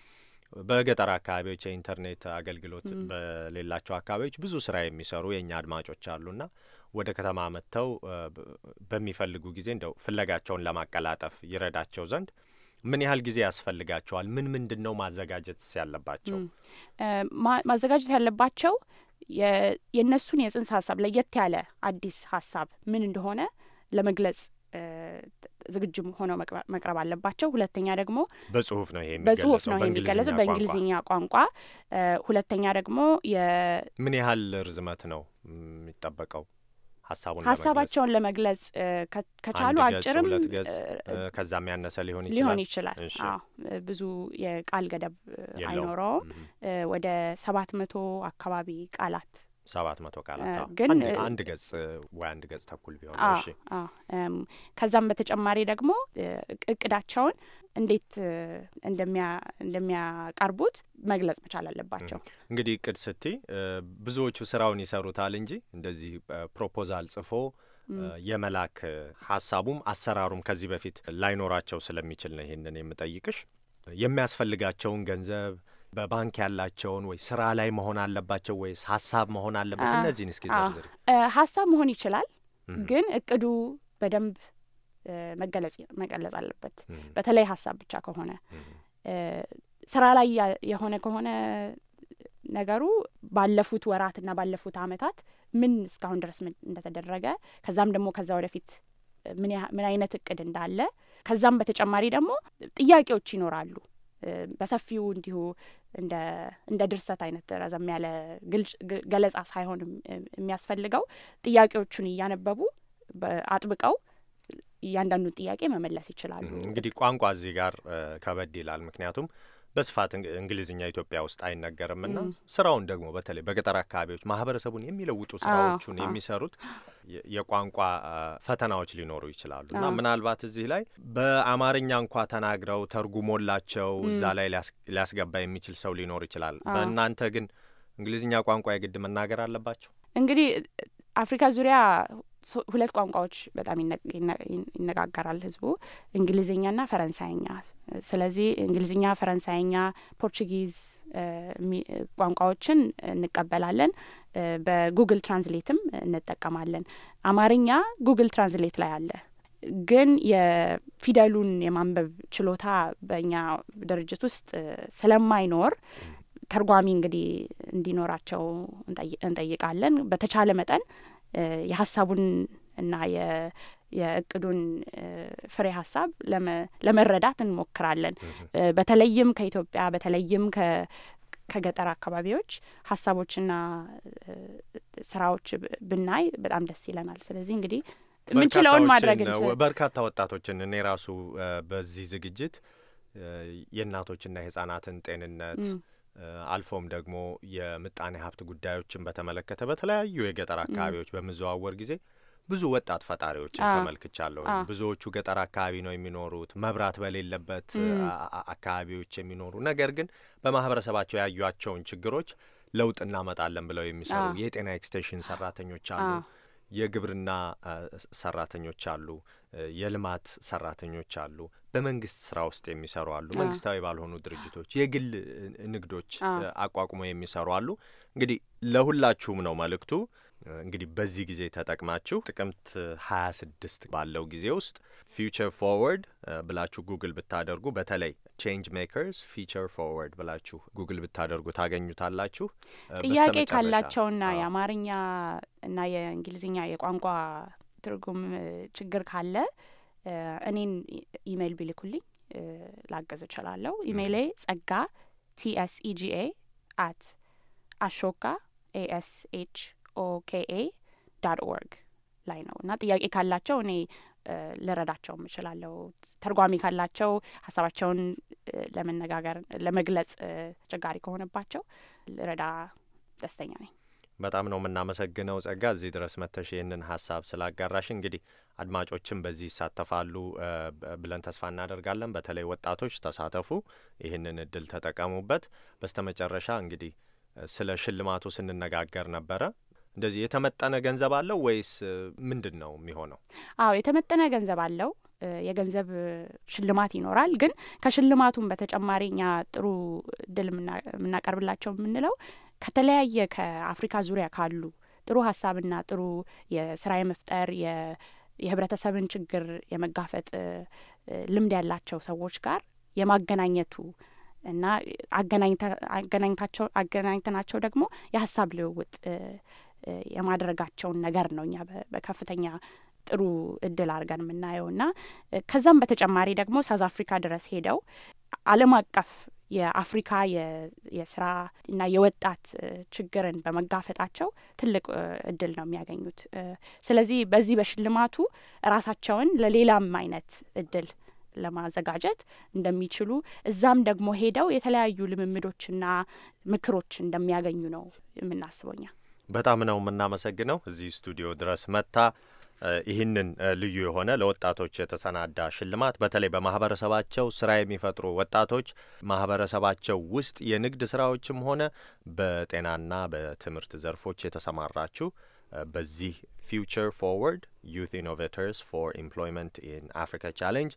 በገጠር አካባቢዎች የኢንተርኔት አገልግሎት በሌላቸው አካባቢዎች ብዙ ስራ የሚሰሩ የእኛ አድማጮች አሉ ና ወደ ከተማ መጥተው uh, በሚፈልጉ ጊዜ እንደው ፍለጋቸውን ለማቀላጠፍ ይረዳቸው ዘንድ ምን ያህል ጊዜ ያስፈልጋቸዋል? ምን ምንድን ነው ማዘጋጀት ያለባቸው? ማዘጋጀት ያለባቸው የእነሱን የጽንሰ ሀሳብ ለየት ያለ አዲስ ሀሳብ ምን እንደሆነ ለመግለጽ ዝግጁ ሆነው መቅረብ አለባቸው። ሁለተኛ ደግሞ በጽሁፍ ነው በጽሁፍ ነው የሚገለጸው በእንግሊዝኛ ቋንቋ። ሁለተኛ ደግሞ ምን ያህል ርዝመት ነው የሚጠበቀው? ሀሳባቸውን ለመግለጽ ከቻሉ አጭርም ከዛም ያነሰ ሊሆን ሊሆን ይችላል። ብዙ የቃል ገደብ አይኖረውም። ወደ ሰባት መቶ አካባቢ ቃላት ሰባት መቶ ቃላት ግን አንድ ገጽ ወይ አንድ ገጽ ተኩል ቢሆን። ከዛም በተጨማሪ ደግሞ እቅዳቸውን እንዴት እንደሚያቀርቡት መግለጽ መቻል አለባቸው። እንግዲህ እቅድ ስቲ ብዙዎቹ ስራውን ይሰሩታል እንጂ እንደዚህ ፕሮፖዛል ጽፎ የመላክ ሀሳቡም አሰራሩም ከዚህ በፊት ላይኖራቸው ስለሚችል ነው ይህንን የምጠይቅሽ። የሚያስፈልጋቸውን ገንዘብ በባንክ ያላቸውን ወይ ስራ ላይ መሆን አለባቸው ወይስ ሀሳብ መሆን አለበት? እነዚህን እስኪ ዘርዝር። ሀሳብ መሆን ይችላል፣ ግን እቅዱ በደንብ መገለጽ መቀለጽ አለበት። በተለይ ሀሳብ ብቻ ከሆነ ስራ ላይ የሆነ ከሆነ ነገሩ ባለፉት ወራት እና ባለፉት አመታት ምን እስካሁን ድረስ እንደተደረገ ከዛም ደግሞ ከዛ ወደፊት ምን አይነት እቅድ እንዳለ ከዛም በተጨማሪ ደግሞ ጥያቄዎች ይኖራሉ። በሰፊው እንዲሁ እንደ ድርሰት አይነት ረዘም ያለ ገለጻ ሳይሆን የሚያስፈልገው ጥያቄዎቹን እያነበቡ አጥብቀው እያንዳንዱን ጥያቄ መመለስ ይችላሉ። እንግዲህ ቋንቋ እዚህ ጋር ከበድ ይላል። ምክንያቱም በስፋት እንግሊዝኛ ኢትዮጵያ ውስጥ አይነገርም እና ስራውን ደግሞ በተለይ በገጠር አካባቢዎች ማህበረሰቡን የሚለውጡ ስራዎቹን የሚሰሩት የቋንቋ ፈተናዎች ሊኖሩ ይችላሉ እና ምናልባት እዚህ ላይ በአማርኛ እንኳ ተናግረው ተርጉሞላቸው እዛ ላይ ሊያስገባ የሚችል ሰው ሊኖር ይችላል። በእናንተ ግን እንግሊዝኛ ቋንቋ የግድ መናገር አለባቸው? እንግዲህ አፍሪካ ዙሪያ ሁለት ቋንቋዎች በጣም ይነጋገራል ህዝቡ እንግሊዝኛና ፈረንሳይኛ። ስለዚህ እንግሊዝኛ፣ ፈረንሳይኛ፣ ፖርቹጊዝ ቋንቋዎችን እንቀበላለን። በጉግል ትራንስሌትም እንጠቀማለን። አማርኛ ጉግል ትራንስሌት ላይ አለ ግን የፊደሉን የማንበብ ችሎታ በእኛ ድርጅት ውስጥ ስለማይኖር ተርጓሚ እንግዲህ እንዲኖራቸው እንጠይቃለን። በተቻለ መጠን የሀሳቡን እና የእቅዱን ፍሬ ሀሳብ ለመረዳት እንሞክራለን። በተለይም ከኢትዮጵያ በተለይም ከገጠር አካባቢዎች ሀሳቦችና ስራዎች ብናይ በጣም ደስ ይለናል። ስለዚህ እንግዲህ የምንችለውን ማድረግ በርካታ ወጣቶችን እኔ ራሱ በዚህ ዝግጅት የእናቶችና የህጻናትን ጤንነት አልፎም ደግሞ የምጣኔ ሀብት ጉዳዮችን በተመለከተ በተለያዩ የገጠር አካባቢዎች በምዘዋወር ጊዜ ብዙ ወጣት ፈጣሪዎችን ተመልክቻለሁ። ብዙዎቹ ገጠር አካባቢ ነው የሚኖሩት፣ መብራት በሌለበት አካባቢዎች የሚኖሩ ነገር ግን በማህበረሰባቸው ያዩቸውን ችግሮች ለውጥ እናመጣለን ብለው የሚሰሩ የጤና ኤክስቴንሽን ሰራተኞች አሉ፣ የግብርና ሰራተኞች አሉ፣ የልማት ሰራተኞች አሉ፣ በመንግስት ስራ ውስጥ የሚሰሩ አሉ፣ መንግስታዊ ባልሆኑ ድርጅቶች፣ የግል ንግዶች አቋቁሞ የሚሰሩ አሉ። እንግዲህ ለሁላችሁም ነው መልእክቱ። እንግዲህ በዚህ ጊዜ ተጠቅማችሁ ጥቅምት 26 ባለው ጊዜ ውስጥ ፊውቸር ፎርወርድ ብላችሁ ጉግል ብታደርጉ በተለይ ቼንጅ ሜከርስ ፊቸር ፎርወርድ ብላችሁ ጉግል ብታደርጉ ታገኙታላችሁ። ጥያቄ ካላቸውና የአማርኛ እና የእንግሊዝኛ የቋንቋ የትርጉም ችግር ካለ እኔን ኢሜይል ቢልኩልኝ ላገዝ እችላለሁ። ኢሜይሌ ጸጋ ቲኤስኢጂኤ አት አሾካ ኤኤስ ኤች ኦኬኤ ዳት ኦርግ ላይ ነው እና ጥያቄ ካላቸው እኔ ልረዳቸውም እችላለሁ። ተርጓሚ ካላቸው ሀሳባቸውን ለመነጋገር ለመግለጽ አስቸጋሪ ከሆነባቸው ልረዳ ደስተኛ ነኝ። በጣም ነው የምናመሰግነው ጸጋ፣ እዚህ ድረስ መተሽ ይህንን ሀሳብ ስላጋራሽ። እንግዲህ አድማጮችም በዚህ ይሳተፋሉ ብለን ተስፋ እናደርጋለን። በተለይ ወጣቶች ተሳተፉ፣ ይህንን እድል ተጠቀሙበት። በስተመጨረሻ እንግዲህ ስለ ሽልማቱ ስንነጋገር ነበረ። እንደዚህ የተመጠነ ገንዘብ አለው ወይስ ምንድን ነው የሚሆነው? አዎ የተመጠነ ገንዘብ አለው። የገንዘብ ሽልማት ይኖራል። ግን ከሽልማቱም በተጨማሪ እኛ ጥሩ እድል የምናቀርብላቸው የምንለው ከተለያየ ከአፍሪካ ዙሪያ ካሉ ጥሩ ሀሳብና ጥሩ የስራ የመፍጠር የህብረተሰብን ችግር የመጋፈጥ ልምድ ያላቸው ሰዎች ጋር የማገናኘቱ እና አገናኝታቸው አገናኝተናቸው ደግሞ የሀሳብ ልውውጥ የማድረጋቸውን ነገር ነው እኛ በከፍተኛ ጥሩ እድል አድርገን የምናየው እና ከዛም በተጨማሪ ደግሞ ሳውዝ አፍሪካ ድረስ ሄደው ዓለም አቀፍ የአፍሪካ የስራ እና የወጣት ችግርን በመጋፈጣቸው ትልቅ እድል ነው የሚያገኙት። ስለዚህ በዚህ በሽልማቱ ራሳቸውን ለሌላም አይነት እድል ለማዘጋጀት እንደሚችሉ እዛም ደግሞ ሄደው የተለያዩ ልምምዶችና ምክሮች እንደሚያገኙ ነው የምናስበው እኛ። በጣም ነው የምናመሰግነው እዚህ ስቱዲዮ ድረስ መታ። ይህንን ልዩ የሆነ ለወጣቶች የተሰናዳ ሽልማት በተለይ በማህበረሰባቸው ስራ የሚፈጥሩ ወጣቶች ማህበረሰባቸው ውስጥ የንግድ ስራዎችም ሆነ በጤናና በትምህርት ዘርፎች የተሰማራችሁ በዚህ ፊውቸር ፎርወርድ ዩት ኢኖቬተርስ ፎር ኢምፕሎይመንት ኢን አፍሪካ ቻሌንጅ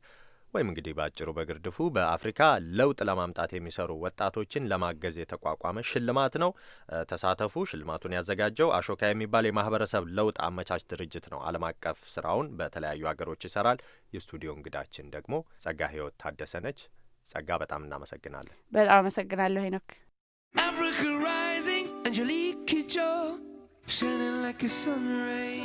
ወይም እንግዲህ በአጭሩ በግርድፉ በአፍሪካ ለውጥ ለማምጣት የሚሰሩ ወጣቶችን ለማገዝ የተቋቋመ ሽልማት ነው። ተሳተፉ። ሽልማቱን ያዘጋጀው አሾካ የሚባል የማህበረሰብ ለውጥ አመቻች ድርጅት ነው። ዓለም አቀፍ ስራውን በተለያዩ ሀገሮች ይሰራል። የስቱዲዮ እንግዳችን ደግሞ ጸጋ ህይወት ታደሰ ነች። ጸጋ፣ በጣም እናመሰግናለን። በጣም አመሰግናለሁ ሄኖክ። Africa rising, Angelique Kidjo, shining like a sun ray.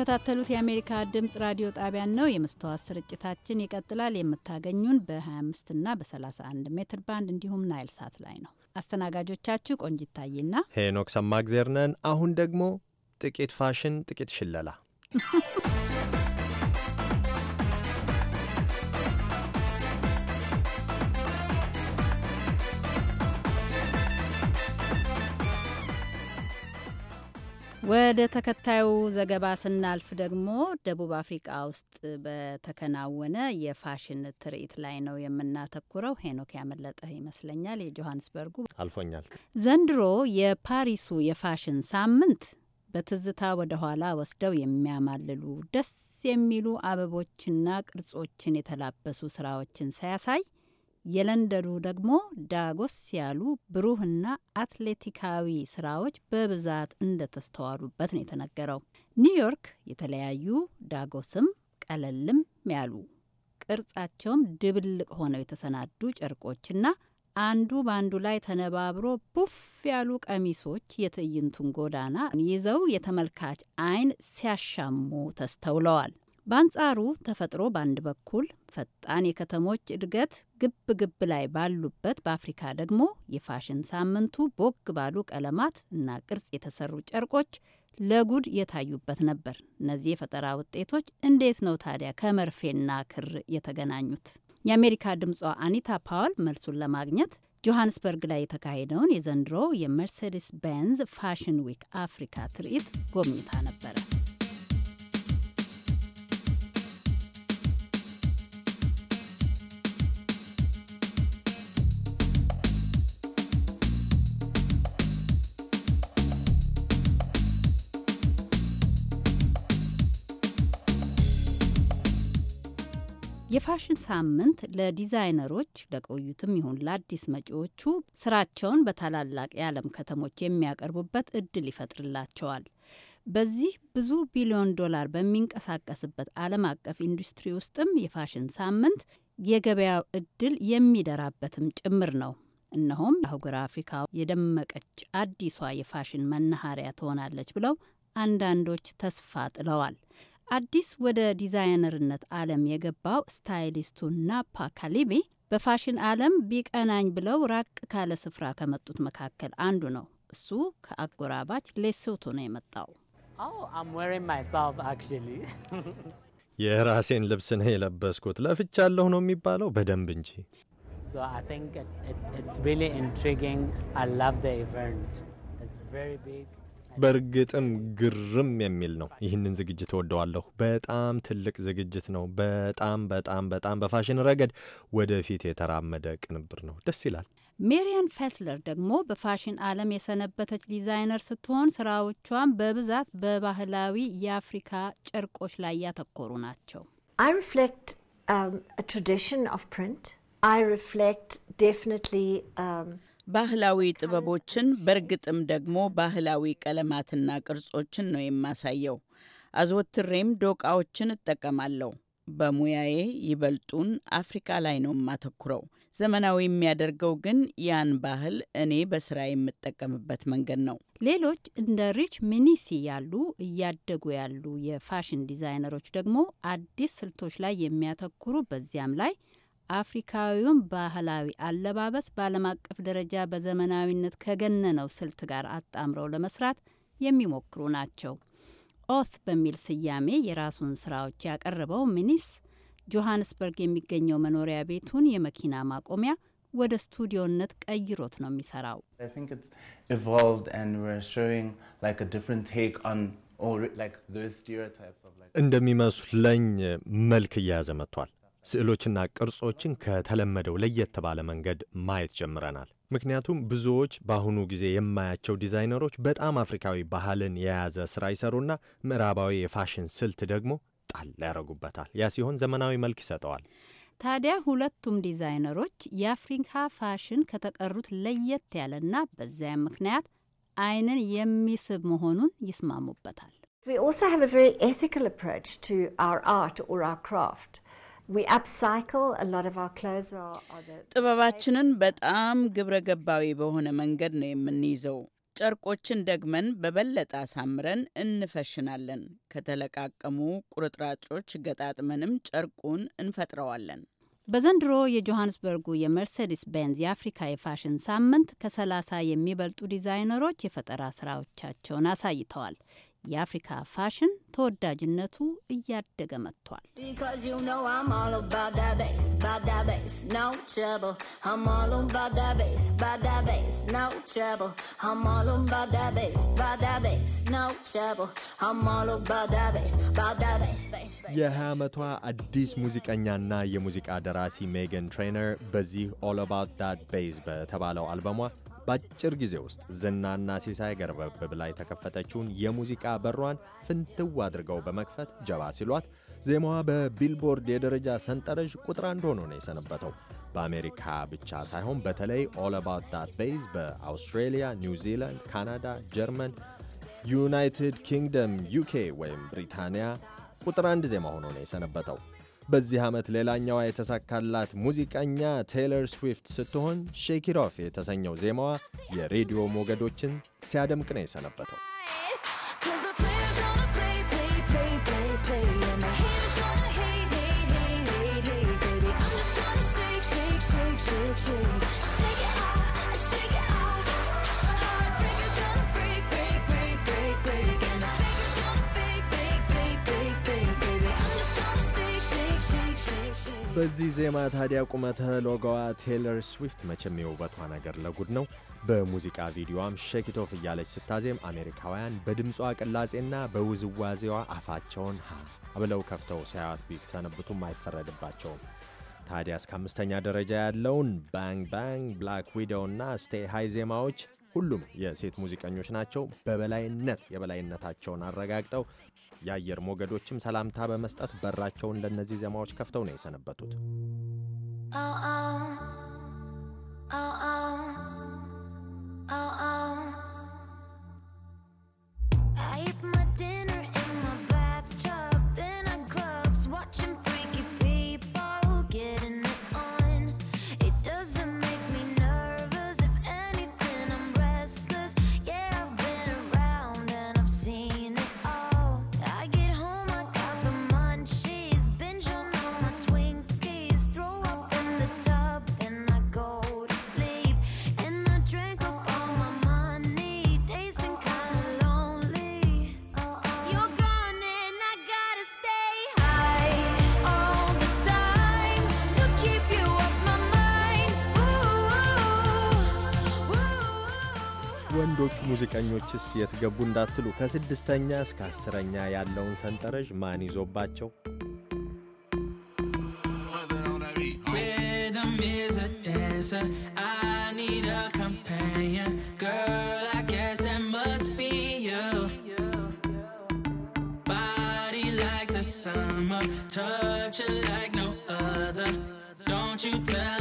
የምትከታተሉት የአሜሪካ ድምጽ ራዲዮ ጣቢያን ነው። የመስተዋት ስርጭታችን ይቀጥላል። የምታገኙን በ25 እና በ31 ሜትር ባንድ እንዲሁም ናይል ሳት ላይ ነው። አስተናጋጆቻችሁ ቆንጂት ታዬና ሄኖክ ሰማግዜር ነን። አሁን ደግሞ ጥቂት ፋሽን፣ ጥቂት ሽለላ ወደ ተከታዩ ዘገባ ስናልፍ ደግሞ ደቡብ አፍሪቃ ውስጥ በተከናወነ የፋሽን ትርኢት ላይ ነው የምናተኩረው። ሄኖክ ያመለጠህ ይመስለኛል። የጆሀንስበርጉ አልፎኛል። ዘንድሮ የፓሪሱ የፋሽን ሳምንት በትዝታ ወደ ኋላ ወስደው የሚያማልሉ ደስ የሚሉ አበቦችና ቅርጾችን የተላበሱ ስራዎችን ሳያሳይ የለንደኑ ደግሞ ዳጎስ ያሉ ብሩህና አትሌቲካዊ ስራዎች በብዛት እንደተስተዋሉበት ነው የተነገረው። ኒውዮርክ የተለያዩ ዳጎስም ቀለልም ያሉ ቅርጻቸውም ድብልቅ ሆነው የተሰናዱ ጨርቆችና አንዱ በአንዱ ላይ ተነባብሮ ቡፍ ያሉ ቀሚሶች የትዕይንቱን ጎዳና ይዘው የተመልካች አይን ሲያሻሙ ተስተውለዋል። በአንጻሩ ተፈጥሮ በአንድ በኩል ፈጣን የከተሞች እድገት ግብ ግብ ላይ ባሉበት በአፍሪካ ደግሞ የፋሽን ሳምንቱ ቦግ ባሉ ቀለማት እና ቅርጽ የተሰሩ ጨርቆች ለጉድ የታዩበት ነበር። እነዚህ የፈጠራ ውጤቶች እንዴት ነው ታዲያ ከመርፌና ክር የተገናኙት? የአሜሪካ ድምጿ አኒታ ፓውል መልሱን ለማግኘት ጆሃንስበርግ ላይ የተካሄደውን የዘንድሮ የመርሴዲስ ቤንዝ ፋሽን ዊክ አፍሪካ ትርኢት ጎብኝታ ነበረ። የፋሽን ሳምንት ለዲዛይነሮች ለቆዩትም ይሁን ለአዲስ መጪዎቹ ስራቸውን በታላላቅ የዓለም ከተሞች የሚያቀርቡበት እድል ይፈጥርላቸዋል። በዚህ ብዙ ቢሊዮን ዶላር በሚንቀሳቀስበት ዓለም አቀፍ ኢንዱስትሪ ውስጥም የፋሽን ሳምንት የገበያው እድል የሚደራበትም ጭምር ነው። እነሆም አህጉረ አፍሪካ የደመቀች አዲሷ የፋሽን መናኸሪያ ትሆናለች ብለው አንዳንዶች ተስፋ ጥለዋል። አዲስ ወደ ዲዛይነርነት ዓለም የገባው ስታይሊስቱ ናፓ ካሊቢ በፋሽን ዓለም ቢቀናኝ ብለው ራቅ ካለ ስፍራ ከመጡት መካከል አንዱ ነው። እሱ ከአጎራባች ሌሶቶ ነው የመጣው። oh, የራሴን ልብስ ነው የለበስኩት። ለፍቻለሁ ነው የሚባለው በደንብ እንጂ። በእርግጥም ግርም የሚል ነው። ይህንን ዝግጅት ወደዋለሁ በጣም ትልቅ ዝግጅት ነው። በጣም በጣም በጣም በፋሽን ረገድ ወደፊት የተራመደ ቅንብር ነው። ደስ ይላል። ሜሪያን ፌስለር ደግሞ በፋሽን ዓለም የሰነበተች ዲዛይነር ስትሆን ስራዎቿን በብዛት በባህላዊ የአፍሪካ ጨርቆች ላይ ያተኮሩ ናቸው። I reflect um, a tradition ባህላዊ ጥበቦችን በእርግጥም ደግሞ ባህላዊ ቀለማትና ቅርጾችን ነው የማሳየው። አዘወትሬም ዶቃዎችን እጠቀማለሁ። በሙያዬ ይበልጡን አፍሪካ ላይ ነው የማተኩረው። ዘመናዊ የሚያደርገው ግን ያን ባህል እኔ በስራ የምጠቀምበት መንገድ ነው። ሌሎች እንደ ሪች ሚኒሲ ያሉ እያደጉ ያሉ የፋሽን ዲዛይነሮች ደግሞ አዲስ ስልቶች ላይ የሚያተኩሩ በዚያም ላይ አፍሪካዊውን ባህላዊ አለባበስ በዓለም አቀፍ ደረጃ በዘመናዊነት ከገነነው ስልት ጋር አጣምረው ለመስራት የሚሞክሩ ናቸው። ኦት በሚል ስያሜ የራሱን ስራዎች ያቀረበው ሚኒስ ጆሃንስበርግ የሚገኘው መኖሪያ ቤቱን የመኪና ማቆሚያ ወደ ስቱዲዮነት ቀይሮት ነው የሚሰራው። እንደሚመስለኝ መልክ እየያዘ መጥቷል። ስዕሎችና ቅርጾችን ከተለመደው ለየት ባለ መንገድ ማየት ጀምረናል። ምክንያቱም ብዙዎች በአሁኑ ጊዜ የማያቸው ዲዛይነሮች በጣም አፍሪካዊ ባህልን የያዘ ስራ ይሰሩና ምዕራባዊ የፋሽን ስልት ደግሞ ጣል ያደረጉበታል ያ ሲሆን ዘመናዊ መልክ ይሰጠዋል። ታዲያ ሁለቱም ዲዛይነሮች የአፍሪካ ፋሽን ከተቀሩት ለየት ያለና በዚያም ምክንያት አይንን የሚስብ መሆኑን ይስማሙበታል። We also have a very ethical approach to our art or our craft. ጥበባችንን በጣም ግብረ ገባዊ በሆነ መንገድ ነው የምንይዘው። ጨርቆችን ደግመን በበለጠ አሳምረን እንፈሽናለን። ከተለቃቀሙ ቁርጥራጮች ገጣጥመንም ጨርቁን እንፈጥረዋለን። በዘንድሮ የጆሃንስበርጉ የመርሴዲስ ቤንዝ የአፍሪካ የፋሽን ሳምንት ከ30 የሚበልጡ ዲዛይነሮች የፈጠራ ስራዎቻቸውን አሳይተዋል። የአፍሪካ ፋሽን ተወዳጅነቱ እያደገ መጥቷል። የሃያ ዓመቷ አዲስ ሙዚቀኛና የሙዚቃ ደራሲ ሜገን ትሬነር በዚህ ኦል አባውት ዳት ቤዝ በተባለው አልበሟ በአጭር ጊዜ ውስጥ ዝናና ሲሳይ ገርበብ ላይ የተከፈተችውን የሙዚቃ በሯን ፍንትው አድርገው በመክፈት ጀባ ሲሏት ዜማዋ በቢልቦርድ የደረጃ ሰንጠረዥ ቁጥር አንድ ሆኖ ነው የሰነበተው። በአሜሪካ ብቻ ሳይሆን በተለይ ኦል አባውት ዳት ቤዝ በአውስትሬሊያ፣ ኒውዚላንድ፣ ካናዳ፣ ጀርመን፣ ዩናይትድ ኪንግደም፣ ዩኬ ወይም ብሪታንያ ቁጥር አንድ ዜማ ሆኖ ነው የሰነበተው። በዚህ ዓመት ሌላኛዋ የተሳካላት ሙዚቀኛ ቴይለር ስዊፍት ስትሆን ሼክ ኢት ኦፍ የተሰኘው ዜማዋ የሬዲዮ ሞገዶችን ሲያደምቅ ነው የሰነበተው። በዚህ ዜማ ታዲያ ቁመተ ሎጋዋ ቴይለር ስዊፍት መቼም የውበቷ ነገር ለጉድ ነው። በሙዚቃ ቪዲዮዋም ሸኪቶፍ እያለች ስታዜም አሜሪካውያን በድምጿ ቅላጼና በውዝዋዜዋ አፋቸውን ሀ ብለው ከፍተው ሳያዋት ቢሰነብቱም አይፈረድባቸውም። ታዲያ እስከ አምስተኛ ደረጃ ያለውን ባንግ ባንግ፣ ብላክ ዊዶው እና ስቴይ ሃይ ዜማዎች ሁሉም የሴት ሙዚቀኞች ናቸው። በበላይነት የበላይነታቸውን አረጋግጠው የአየር ሞገዶችም ሰላምታ በመስጠት በራቸውን ለእነዚህ ዜማዎች ከፍተው ነው የሰነበቱት። I my dinner in my ወንዶቹ ሙዚቀኞችስ የት ገቡ እንዳትሉ ከስድስተኛ እስከ አስረኛ ያለውን ሰንጠረዥ ማን ይዞባቸው? Summer, touching like no other. Don't you tell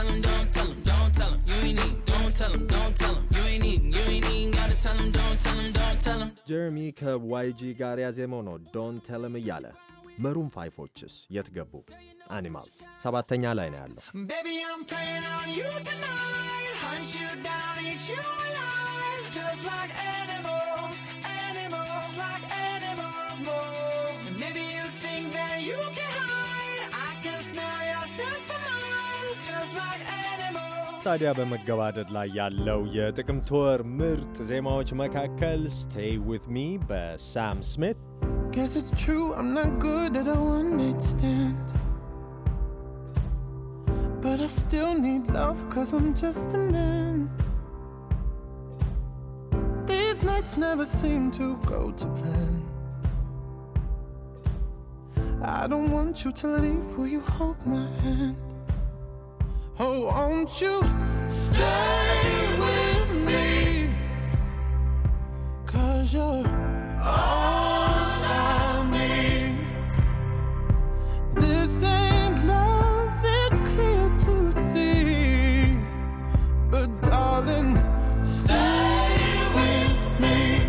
tell him, don't tell him, don't tell him. You ain't need, don't tell him, don't tell him. You ain't need, you ain't need, gotta tell him, don't tell him, don't tell him. ጀርሚ ከዋይጂ ጋር ያዜመው ነው ዶን ተልም እያለ መሩም ፋይፎችስ የት ገቡ? አኒማልስ ሰባተኛ ላይ ነው ያለው። Maybe you think that you can hide I can smell yourself ታዲያ በመገባደድ ላይ ያለው የጥቅምት ወር ምርጥ ዜማዎች መካከል ስቴይ ዊት ሚ በሳም ስሚት Guess it's true, I'm not good at a one night But I still need love, cause I'm just a man. These nights never seem to go to plan. I don't want you to leave, will you hold my hand? Oh, won't you stay with me? Cause you're all I need. This ain't love, it's clear to see. But darling, stay with me.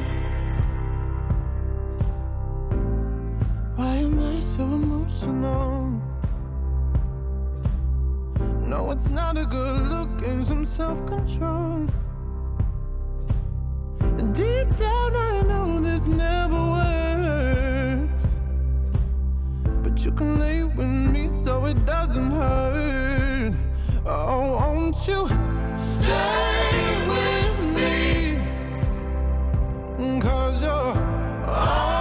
Why am I so emotional? it's not a good look and some self control. deep down, I know this never works. But you can lay with me so it doesn't hurt. Oh, won't you stay with me? Cause you're all.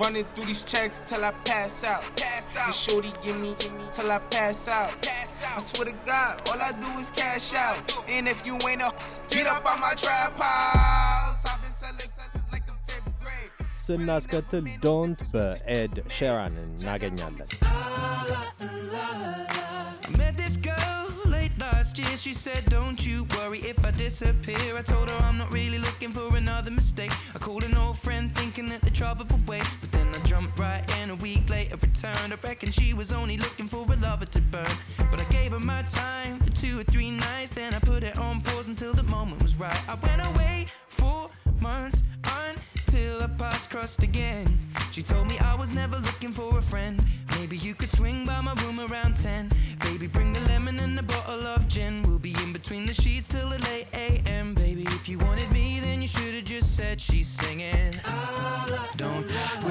Running through these checks till I pass out. Pass out. This shorty give me, give me till I pass out. pass out. I swear to God, all I do is cash out. And if you ain't a, get up on my trap house. I've been selling touches like the fifth grade. ስናስከትል ዶንት በኤድ ሼራን እናገኛለን Met this girl late last year, she said, Don't sorry if I disappear. I told her I'm not really looking for another mistake. I called an old friend thinking that the trouble would wait. But then I jumped right in a week later, returned. I reckon she was only looking for a lover to burn. But I gave her my time for two or three nights. Then I put it on pause until the moment was right. I went away four months until our paths crossed again. She told me I was never looking for a friend. Maybe you could swing by my room around 10. Baby, bring the lemon and a bottle of gin. We'll be in between the sheets till the late a.m. Baby, if you wanted me, then you should've just said she's singing. Don't lie.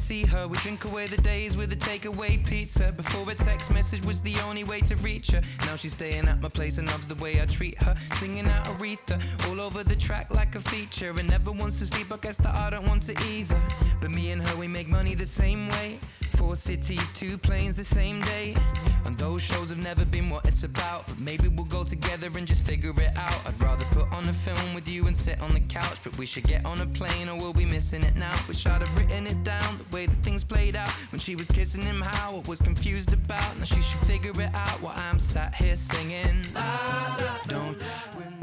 see her. We drink away the days with a takeaway pizza. Before a text message was the only way to reach her. Now she's staying at my place and loves the way I treat her. Singing out Aretha all over the track like a feature. And never wants to sleep, I guess that I don't want to either. But me and her, we make money the same way. Four cities, two planes the same day. And those shows have never been what it's about. But maybe we'll go together and just figure it out. I'd rather put on a film with you and sit on the couch. But we should get on a plane or we'll be missing it now. Wish I'd have written it down the way that things played out. When she was kissing him, how I was confused about. Now she should figure it out while I'm sat here singing. don't.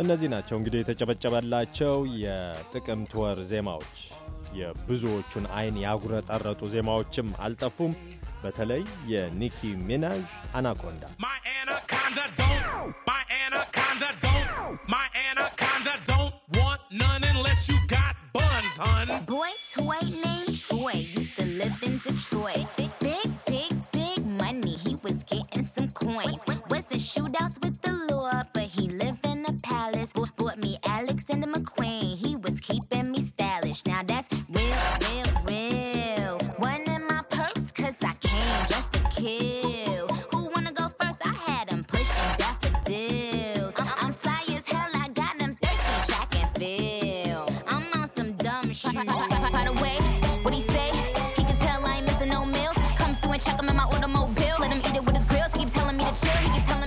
እነዚህ ናቸው እንግዲህ የተጨበጨበላቸው የጥቅምት ወር ዜማዎች የብዙዎቹን አይን ያጉረጠረጡ ዜማዎችም አልጠፉም። በተለይ የኒኪ ሚናዥ አናኮንዳ Boy Toy named Troy used to live in Detroit. Big, big, big money, he was getting some coins. Was the shootouts with the law, but he lived in a palace. Bought, bought me the McQueen, he was keeping me stylish. Now that's check him in my automobile. Let him eat it with his grill. He keep telling me to chill. He keep telling me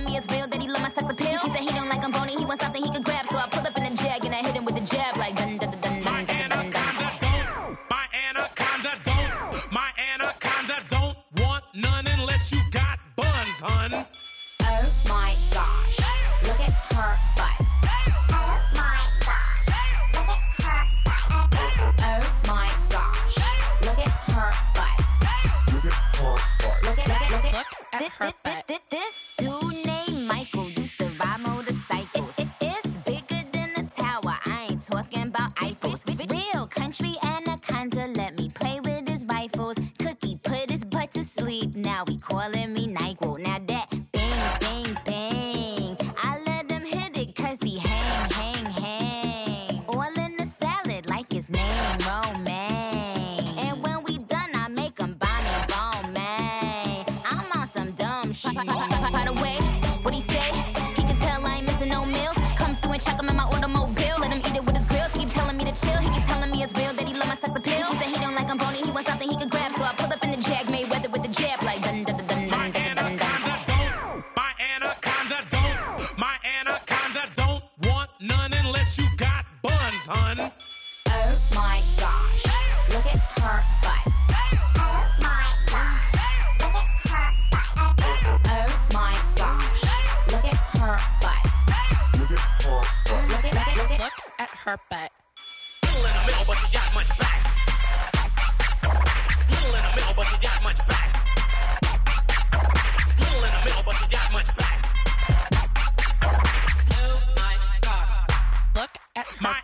my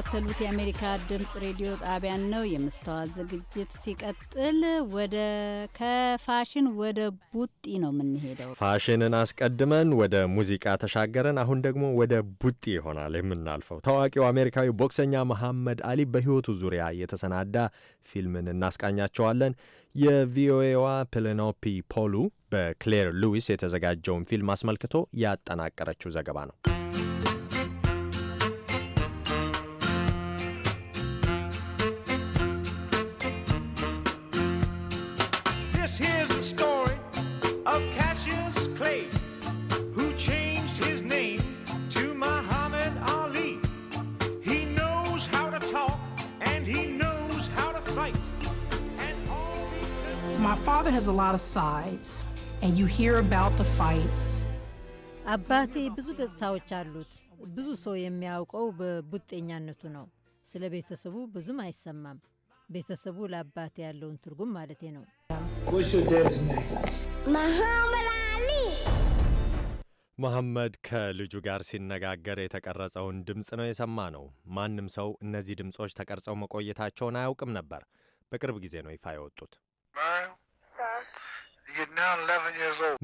የምትከታተሉት የአሜሪካ ድምፅ ሬዲዮ ጣቢያን ነው። የመስተዋት ዝግጅት ሲቀጥል ወደ ከፋሽን ወደ ቡጢ ነው የምንሄደው። ፋሽንን አስቀድመን ወደ ሙዚቃ ተሻገረን። አሁን ደግሞ ወደ ቡጢ ይሆናል የምናልፈው። ታዋቂው አሜሪካዊ ቦክሰኛ መሐመድ አሊ በሕይወቱ ዙሪያ የተሰናዳ ፊልምን እናስቃኛቸዋለን። የቪኦኤዋ ፕሌኖፒ ፖሉ በክሌር ሉዊስ የተዘጋጀውን ፊልም አስመልክቶ ያጠናቀረችው ዘገባ ነው። Muhammad has a አባቴ ብዙ ገጽታዎች አሉት። ብዙ ሰው የሚያውቀው በቡጤኛነቱ ነው። ስለ ቤተሰቡ ብዙም አይሰማም። ቤተሰቡ ለአባቴ ያለውን ትርጉም ማለቴ ነው። መሐመድ ከልጁ ጋር ሲነጋገር የተቀረጸውን ድምፅ ነው የሰማ ነው። ማንም ሰው እነዚህ ድምፆች ተቀርጸው መቆየታቸውን አያውቅም ነበር። በቅርብ ጊዜ ነው ይፋ የወጡት።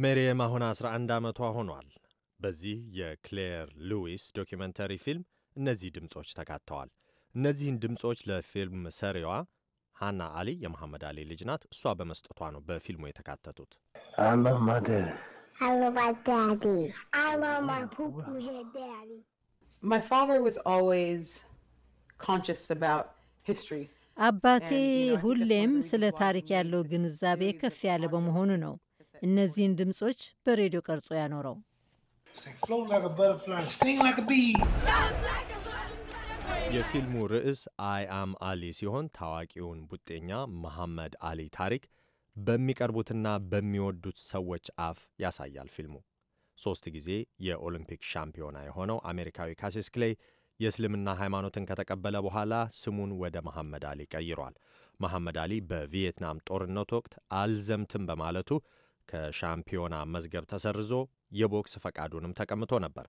ሜሪየም አሁን 11 ዓመቷ ሆኗል። በዚህ የክሌር ሉዊስ ዶኪመንተሪ ፊልም እነዚህ ድምፆች ተካተዋል። እነዚህን ድምፆች ለፊልም ሰሪዋ ሃና አሊ የመሐመድ አሊ ልጅ ናት። እሷ በመስጠቷ ነው በፊልሙ የተካተቱት። My father was always conscious about history. አባቴ ሁሌም ስለ ታሪክ ያለው ግንዛቤ ከፍ ያለ በመሆኑ ነው እነዚህን ድምፆች በሬዲዮ ቀርጾ ያኖረው። የፊልሙ ርዕስ አይ አም አሊ ሲሆን ታዋቂውን ቡጤኛ መሐመድ አሊ ታሪክ በሚቀርቡትና በሚወዱት ሰዎች አፍ ያሳያል። ፊልሙ ሦስት ጊዜ የኦሎምፒክ ሻምፒዮና የሆነው አሜሪካዊ ካሴስ ክሌይ የእስልምና ሃይማኖትን ከተቀበለ በኋላ ስሙን ወደ መሐመድ አሊ ቀይሯል። መሐመድ አሊ በቪየትናም ጦርነት ወቅት አልዘምትም በማለቱ ከሻምፒዮና መዝገብ ተሰርዞ የቦክስ ፈቃዱንም ተቀምቶ ነበር።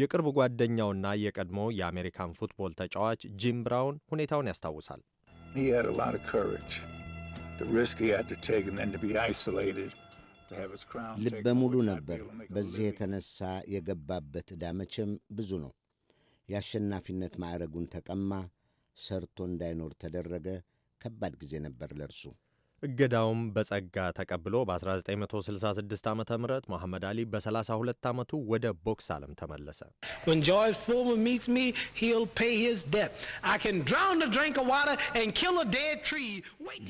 የቅርብ ጓደኛውና የቀድሞ የአሜሪካን ፉትቦል ተጫዋች ጂም ብራውን ሁኔታውን ያስታውሳል። ልበ ሙሉ ነበር። በዚህ የተነሳ የገባበት ዕዳ መቼም ብዙ ነው። የአሸናፊነት ማዕረጉን ተቀማ፣ ሰርቶ እንዳይኖር ተደረገ። ከባድ ጊዜ ነበር ለእርሱ። እገዳውም በጸጋ ተቀብሎ በ1966 ዓ ም መሐመድ አሊ በ32 ዓመቱ ወደ ቦክስ ዓለም ተመለሰ።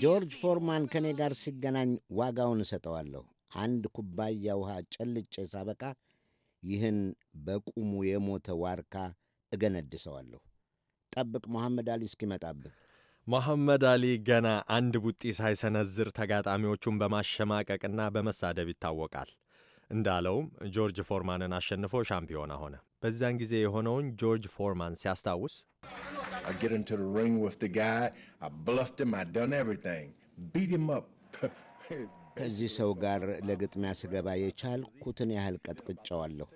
ጆርጅ ፎርማን ከእኔ ጋር ሲገናኝ ዋጋውን እሰጠዋለሁ። አንድ ኩባያ ውሃ ጨልጬ ሳበቃ ይህን በቁሙ የሞተ ዋርካ እገነድሰዋለሁ። ጠብቅ መሐመድ አሊ እስኪመጣብህ። መሐመድ አሊ ገና አንድ ቡጢ ሳይሰነዝር ተጋጣሚዎቹን በማሸማቀቅና በመሳደብ ይታወቃል። እንዳለውም ጆርጅ ፎርማንን አሸንፎ ሻምፒዮና ሆነ። በዚያን ጊዜ የሆነውን ጆርጅ ፎርማን ሲያስታውስ ከዚህ ሰው ጋር ለግጥሚያ ስገባ የቻልኩትን ያህል ቀጥቅጨዋለሁ።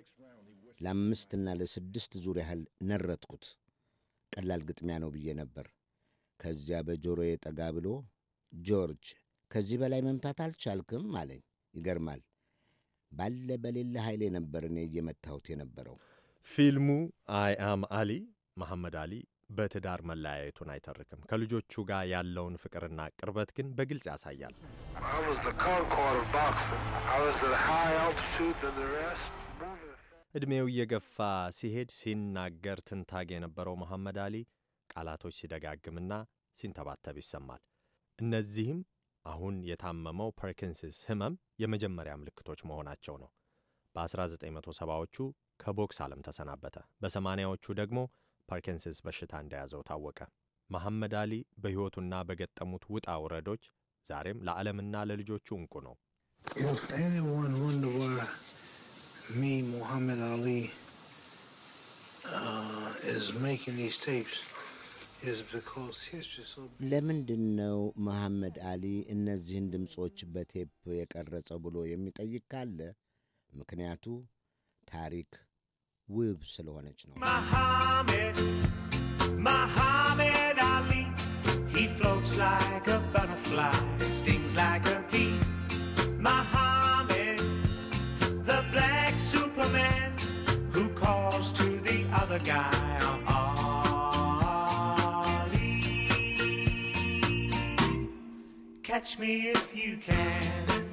ለአምስትና ለስድስት ዙር ያህል ነረትኩት። ቀላል ግጥሚያ ነው ብዬ ነበር። ከዚያ በጆሮዬ ጠጋ ብሎ ጆርጅ ከዚህ በላይ መምታት አልቻልክም አለኝ። ይገርማል። ባለ በሌለ ኃይሌ ነበር እኔ እየመታሁት የነበረው። ፊልሙ አይ አም አሊ መሐመድ አሊ በትዳር መለያየቱን አይተርክም። ከልጆቹ ጋር ያለውን ፍቅርና ቅርበት ግን በግልጽ ያሳያል። ዕድሜው እየገፋ ሲሄድ ሲናገር ትንታግ የነበረው መሐመድ አሊ ቃላቶች ሲደጋግምና ሲንተባተብ ይሰማል። እነዚህም አሁን የታመመው ፐርኪንስስ ህመም የመጀመሪያ ምልክቶች መሆናቸው ነው። በ1970ዎቹ ከቦክስ ዓለም ተሰናበተ። በሰማንያዎቹ ደግሞ ፓርኪንስስ በሽታ እንደያዘው ታወቀ። መሐመድ አሊ በሕይወቱና በገጠሙት ውጣ ውረዶች ዛሬም ለዓለምና ለልጆቹ እንቁ ነው። me, Muhammad Ali, uh, is making these tapes is because history so ለምንድን ነው መሐመድ አሊ እነዚህን ድምፆች በቴፕ የቀረጸው ብሎ የሚጠይቅ ካለ ምክንያቱ ታሪክ Tariq, ስለሆነች ነው። መሐመድ Muhammad Ali, he floats like a butterfly stings like a Catch me if you can.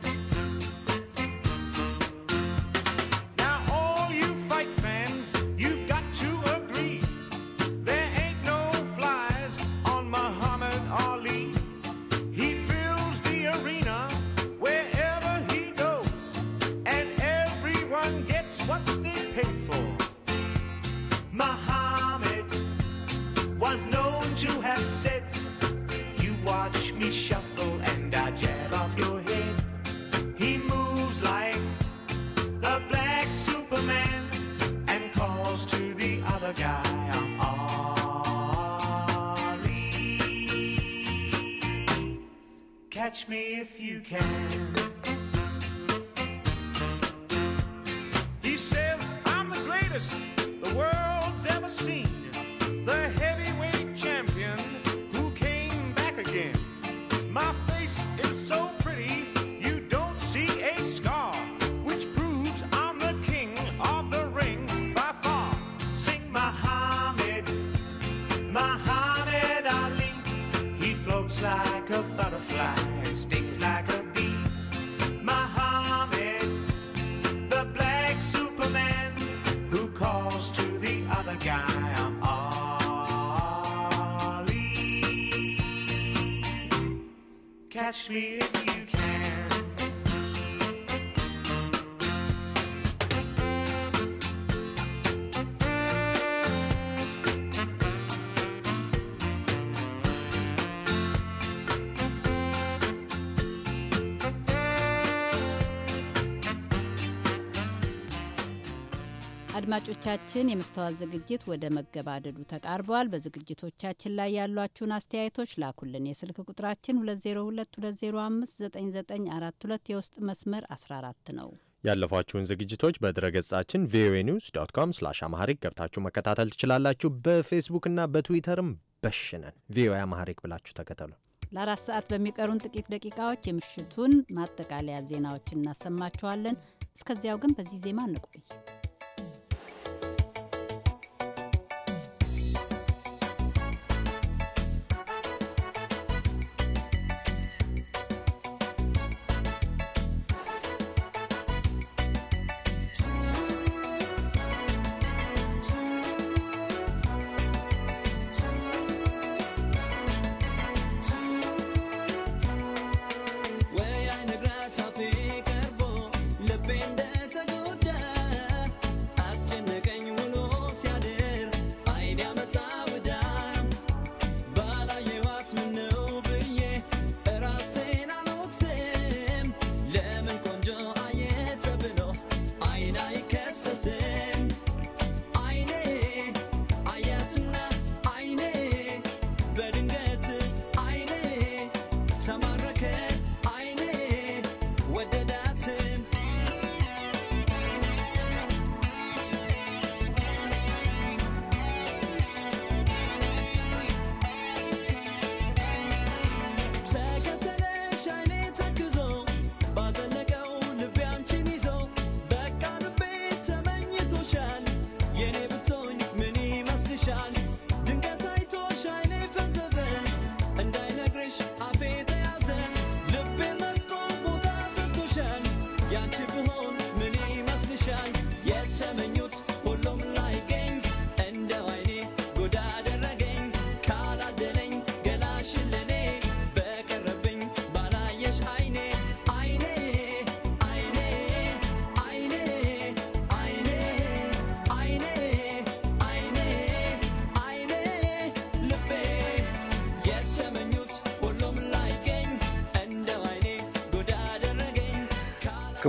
አድማጮቻችን የመስተዋል ዝግጅት ወደ መገባደዱ ተቃርበዋል። በዝግጅቶቻችን ላይ ያሏችሁን አስተያየቶች ላኩልን። የስልክ ቁጥራችን 2022059942 የውስጥ መስመር 14 ነው። ያለፏችሁን ዝግጅቶች በድረ ገጻችን ቪኦኤ ኒውስ ዶት ኮም ስላሽ አማሐሪክ ገብታችሁ መከታተል ትችላላችሁ። በፌስቡክና በትዊተርም በሽነን ቪኦኤ አማሐሪክ ብላችሁ ተከተሉ። ለአራት ሰዓት በሚቀሩን ጥቂት ደቂቃዎች የምሽቱን ማጠቃለያ ዜናዎች እናሰማችኋለን። እስከዚያው ግን በዚህ ዜማ እንቆይ።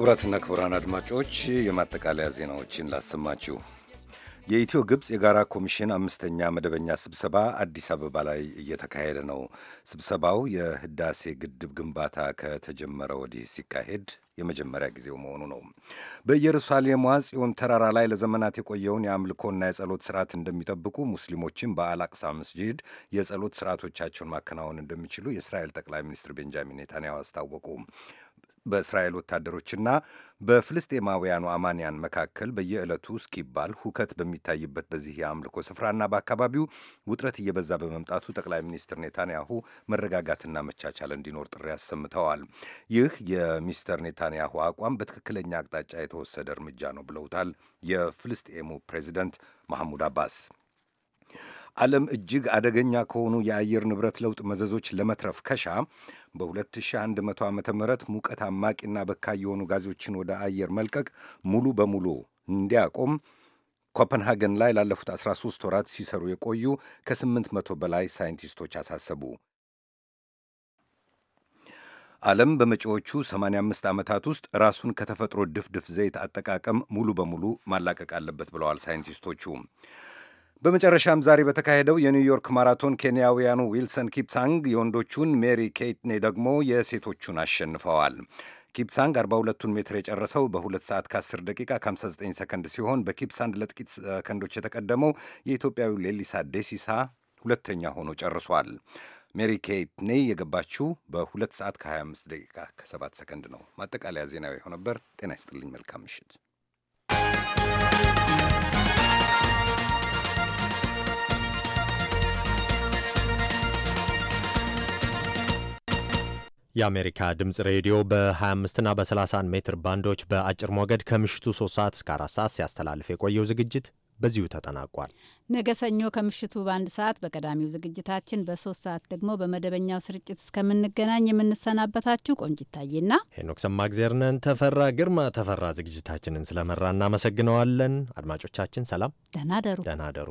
ክቡራትና ክቡራን አድማጮች የማጠቃለያ ዜናዎችን ላሰማችሁ። የኢትዮ ግብፅ የጋራ ኮሚሽን አምስተኛ መደበኛ ስብሰባ አዲስ አበባ ላይ እየተካሄደ ነው። ስብሰባው የህዳሴ ግድብ ግንባታ ከተጀመረ ወዲህ ሲካሄድ የመጀመሪያ ጊዜው መሆኑ ነው። በኢየሩሳሌሟ ጽዮን ተራራ ላይ ለዘመናት የቆየውን የአምልኮና የጸሎት ስርዓት እንደሚጠብቁ ሙስሊሞችን በአላቅሳ መስጂድ የጸሎት ስርዓቶቻቸውን ማከናወን እንደሚችሉ የእስራኤል ጠቅላይ ሚኒስትር ቤንጃሚን ኔታንያሁ አስታወቁ። በእስራኤል ወታደሮችና በፍልስጤማውያኑ አማንያን መካከል በየዕለቱ እስኪባል ሁከት በሚታይበት በዚህ የአምልኮ ስፍራና በአካባቢው ውጥረት እየበዛ በመምጣቱ ጠቅላይ ሚኒስትር ኔታንያሁ መረጋጋትና መቻቻል እንዲኖር ጥሪ አሰምተዋል። ይህ የሚስተር ኔታንያሁ አቋም በትክክለኛ አቅጣጫ የተወሰደ እርምጃ ነው ብለውታል የፍልስጤሙ ፕሬዚደንት ማሐሙድ አባስ። ዓለም እጅግ አደገኛ ከሆኑ የአየር ንብረት ለውጥ መዘዞች ለመትረፍ ከሻ በ2100 ዓ ም ሙቀት አማቂና በካይ የሆኑ ጋዜዎችን ወደ አየር መልቀቅ ሙሉ በሙሉ እንዲያቆም ኮፐንሃገን ላይ ላለፉት 13 ወራት ሲሰሩ የቆዩ ከ800 በላይ ሳይንቲስቶች አሳሰቡ። ዓለም በመጪዎቹ 85 ዓመታት ውስጥ ራሱን ከተፈጥሮ ድፍድፍ ዘይት አጠቃቀም ሙሉ በሙሉ ማላቀቅ አለበት ብለዋል ሳይንቲስቶቹ። በመጨረሻም ዛሬ በተካሄደው የኒውዮርክ ማራቶን ኬንያውያኑ ዊልሰን ኪፕሳንግ የወንዶቹን፣ ሜሪ ኬትኔ ደግሞ የሴቶቹን አሸንፈዋል። ኪፕሳንግ 42ቱን ሜትር የጨረሰው በ2 ሰዓት ከ10 ደቂቃ ከ59 ሰከንድ ሲሆን በኪፕሳንድ ለጥቂት ሰከንዶች የተቀደመው የኢትዮጵያዊ ሌሊሳ ዴሲሳ ሁለተኛ ሆኖ ጨርሷል። ሜሪ ኬትኔ የገባችው በ2 ሰዓት ከ25 ደቂቃ ከ7 ሰከንድ ነው። ማጠቃለያ ዜናዊ ሆነበር። ጤና ይስጥልኝ። መልካም ምሽት። የአሜሪካ ድምፅ ሬዲዮ በ25ና በ31 ሜትር ባንዶች በአጭር ሞገድ ከምሽቱ 3 ሰዓት እስከ 4 ሰዓት ሲያስተላልፍ የቆየው ዝግጅት በዚሁ ተጠናቋል። ነገ ሰኞ ከምሽቱ በአንድ ሰዓት በቀዳሚው ዝግጅታችን፣ በሶስት ሰዓት ደግሞ በመደበኛው ስርጭት እስከምንገናኝ የምንሰናበታችሁ ቆንጅ ይታየና ሄኖክ ሰማግዜርነን ተፈራ ግርማ ተፈራ ዝግጅታችንን ስለመራ እናመሰግነዋለን። አድማጮቻችን ሰላም፣ ደህና ደሩ፣ ደህና ደሩ።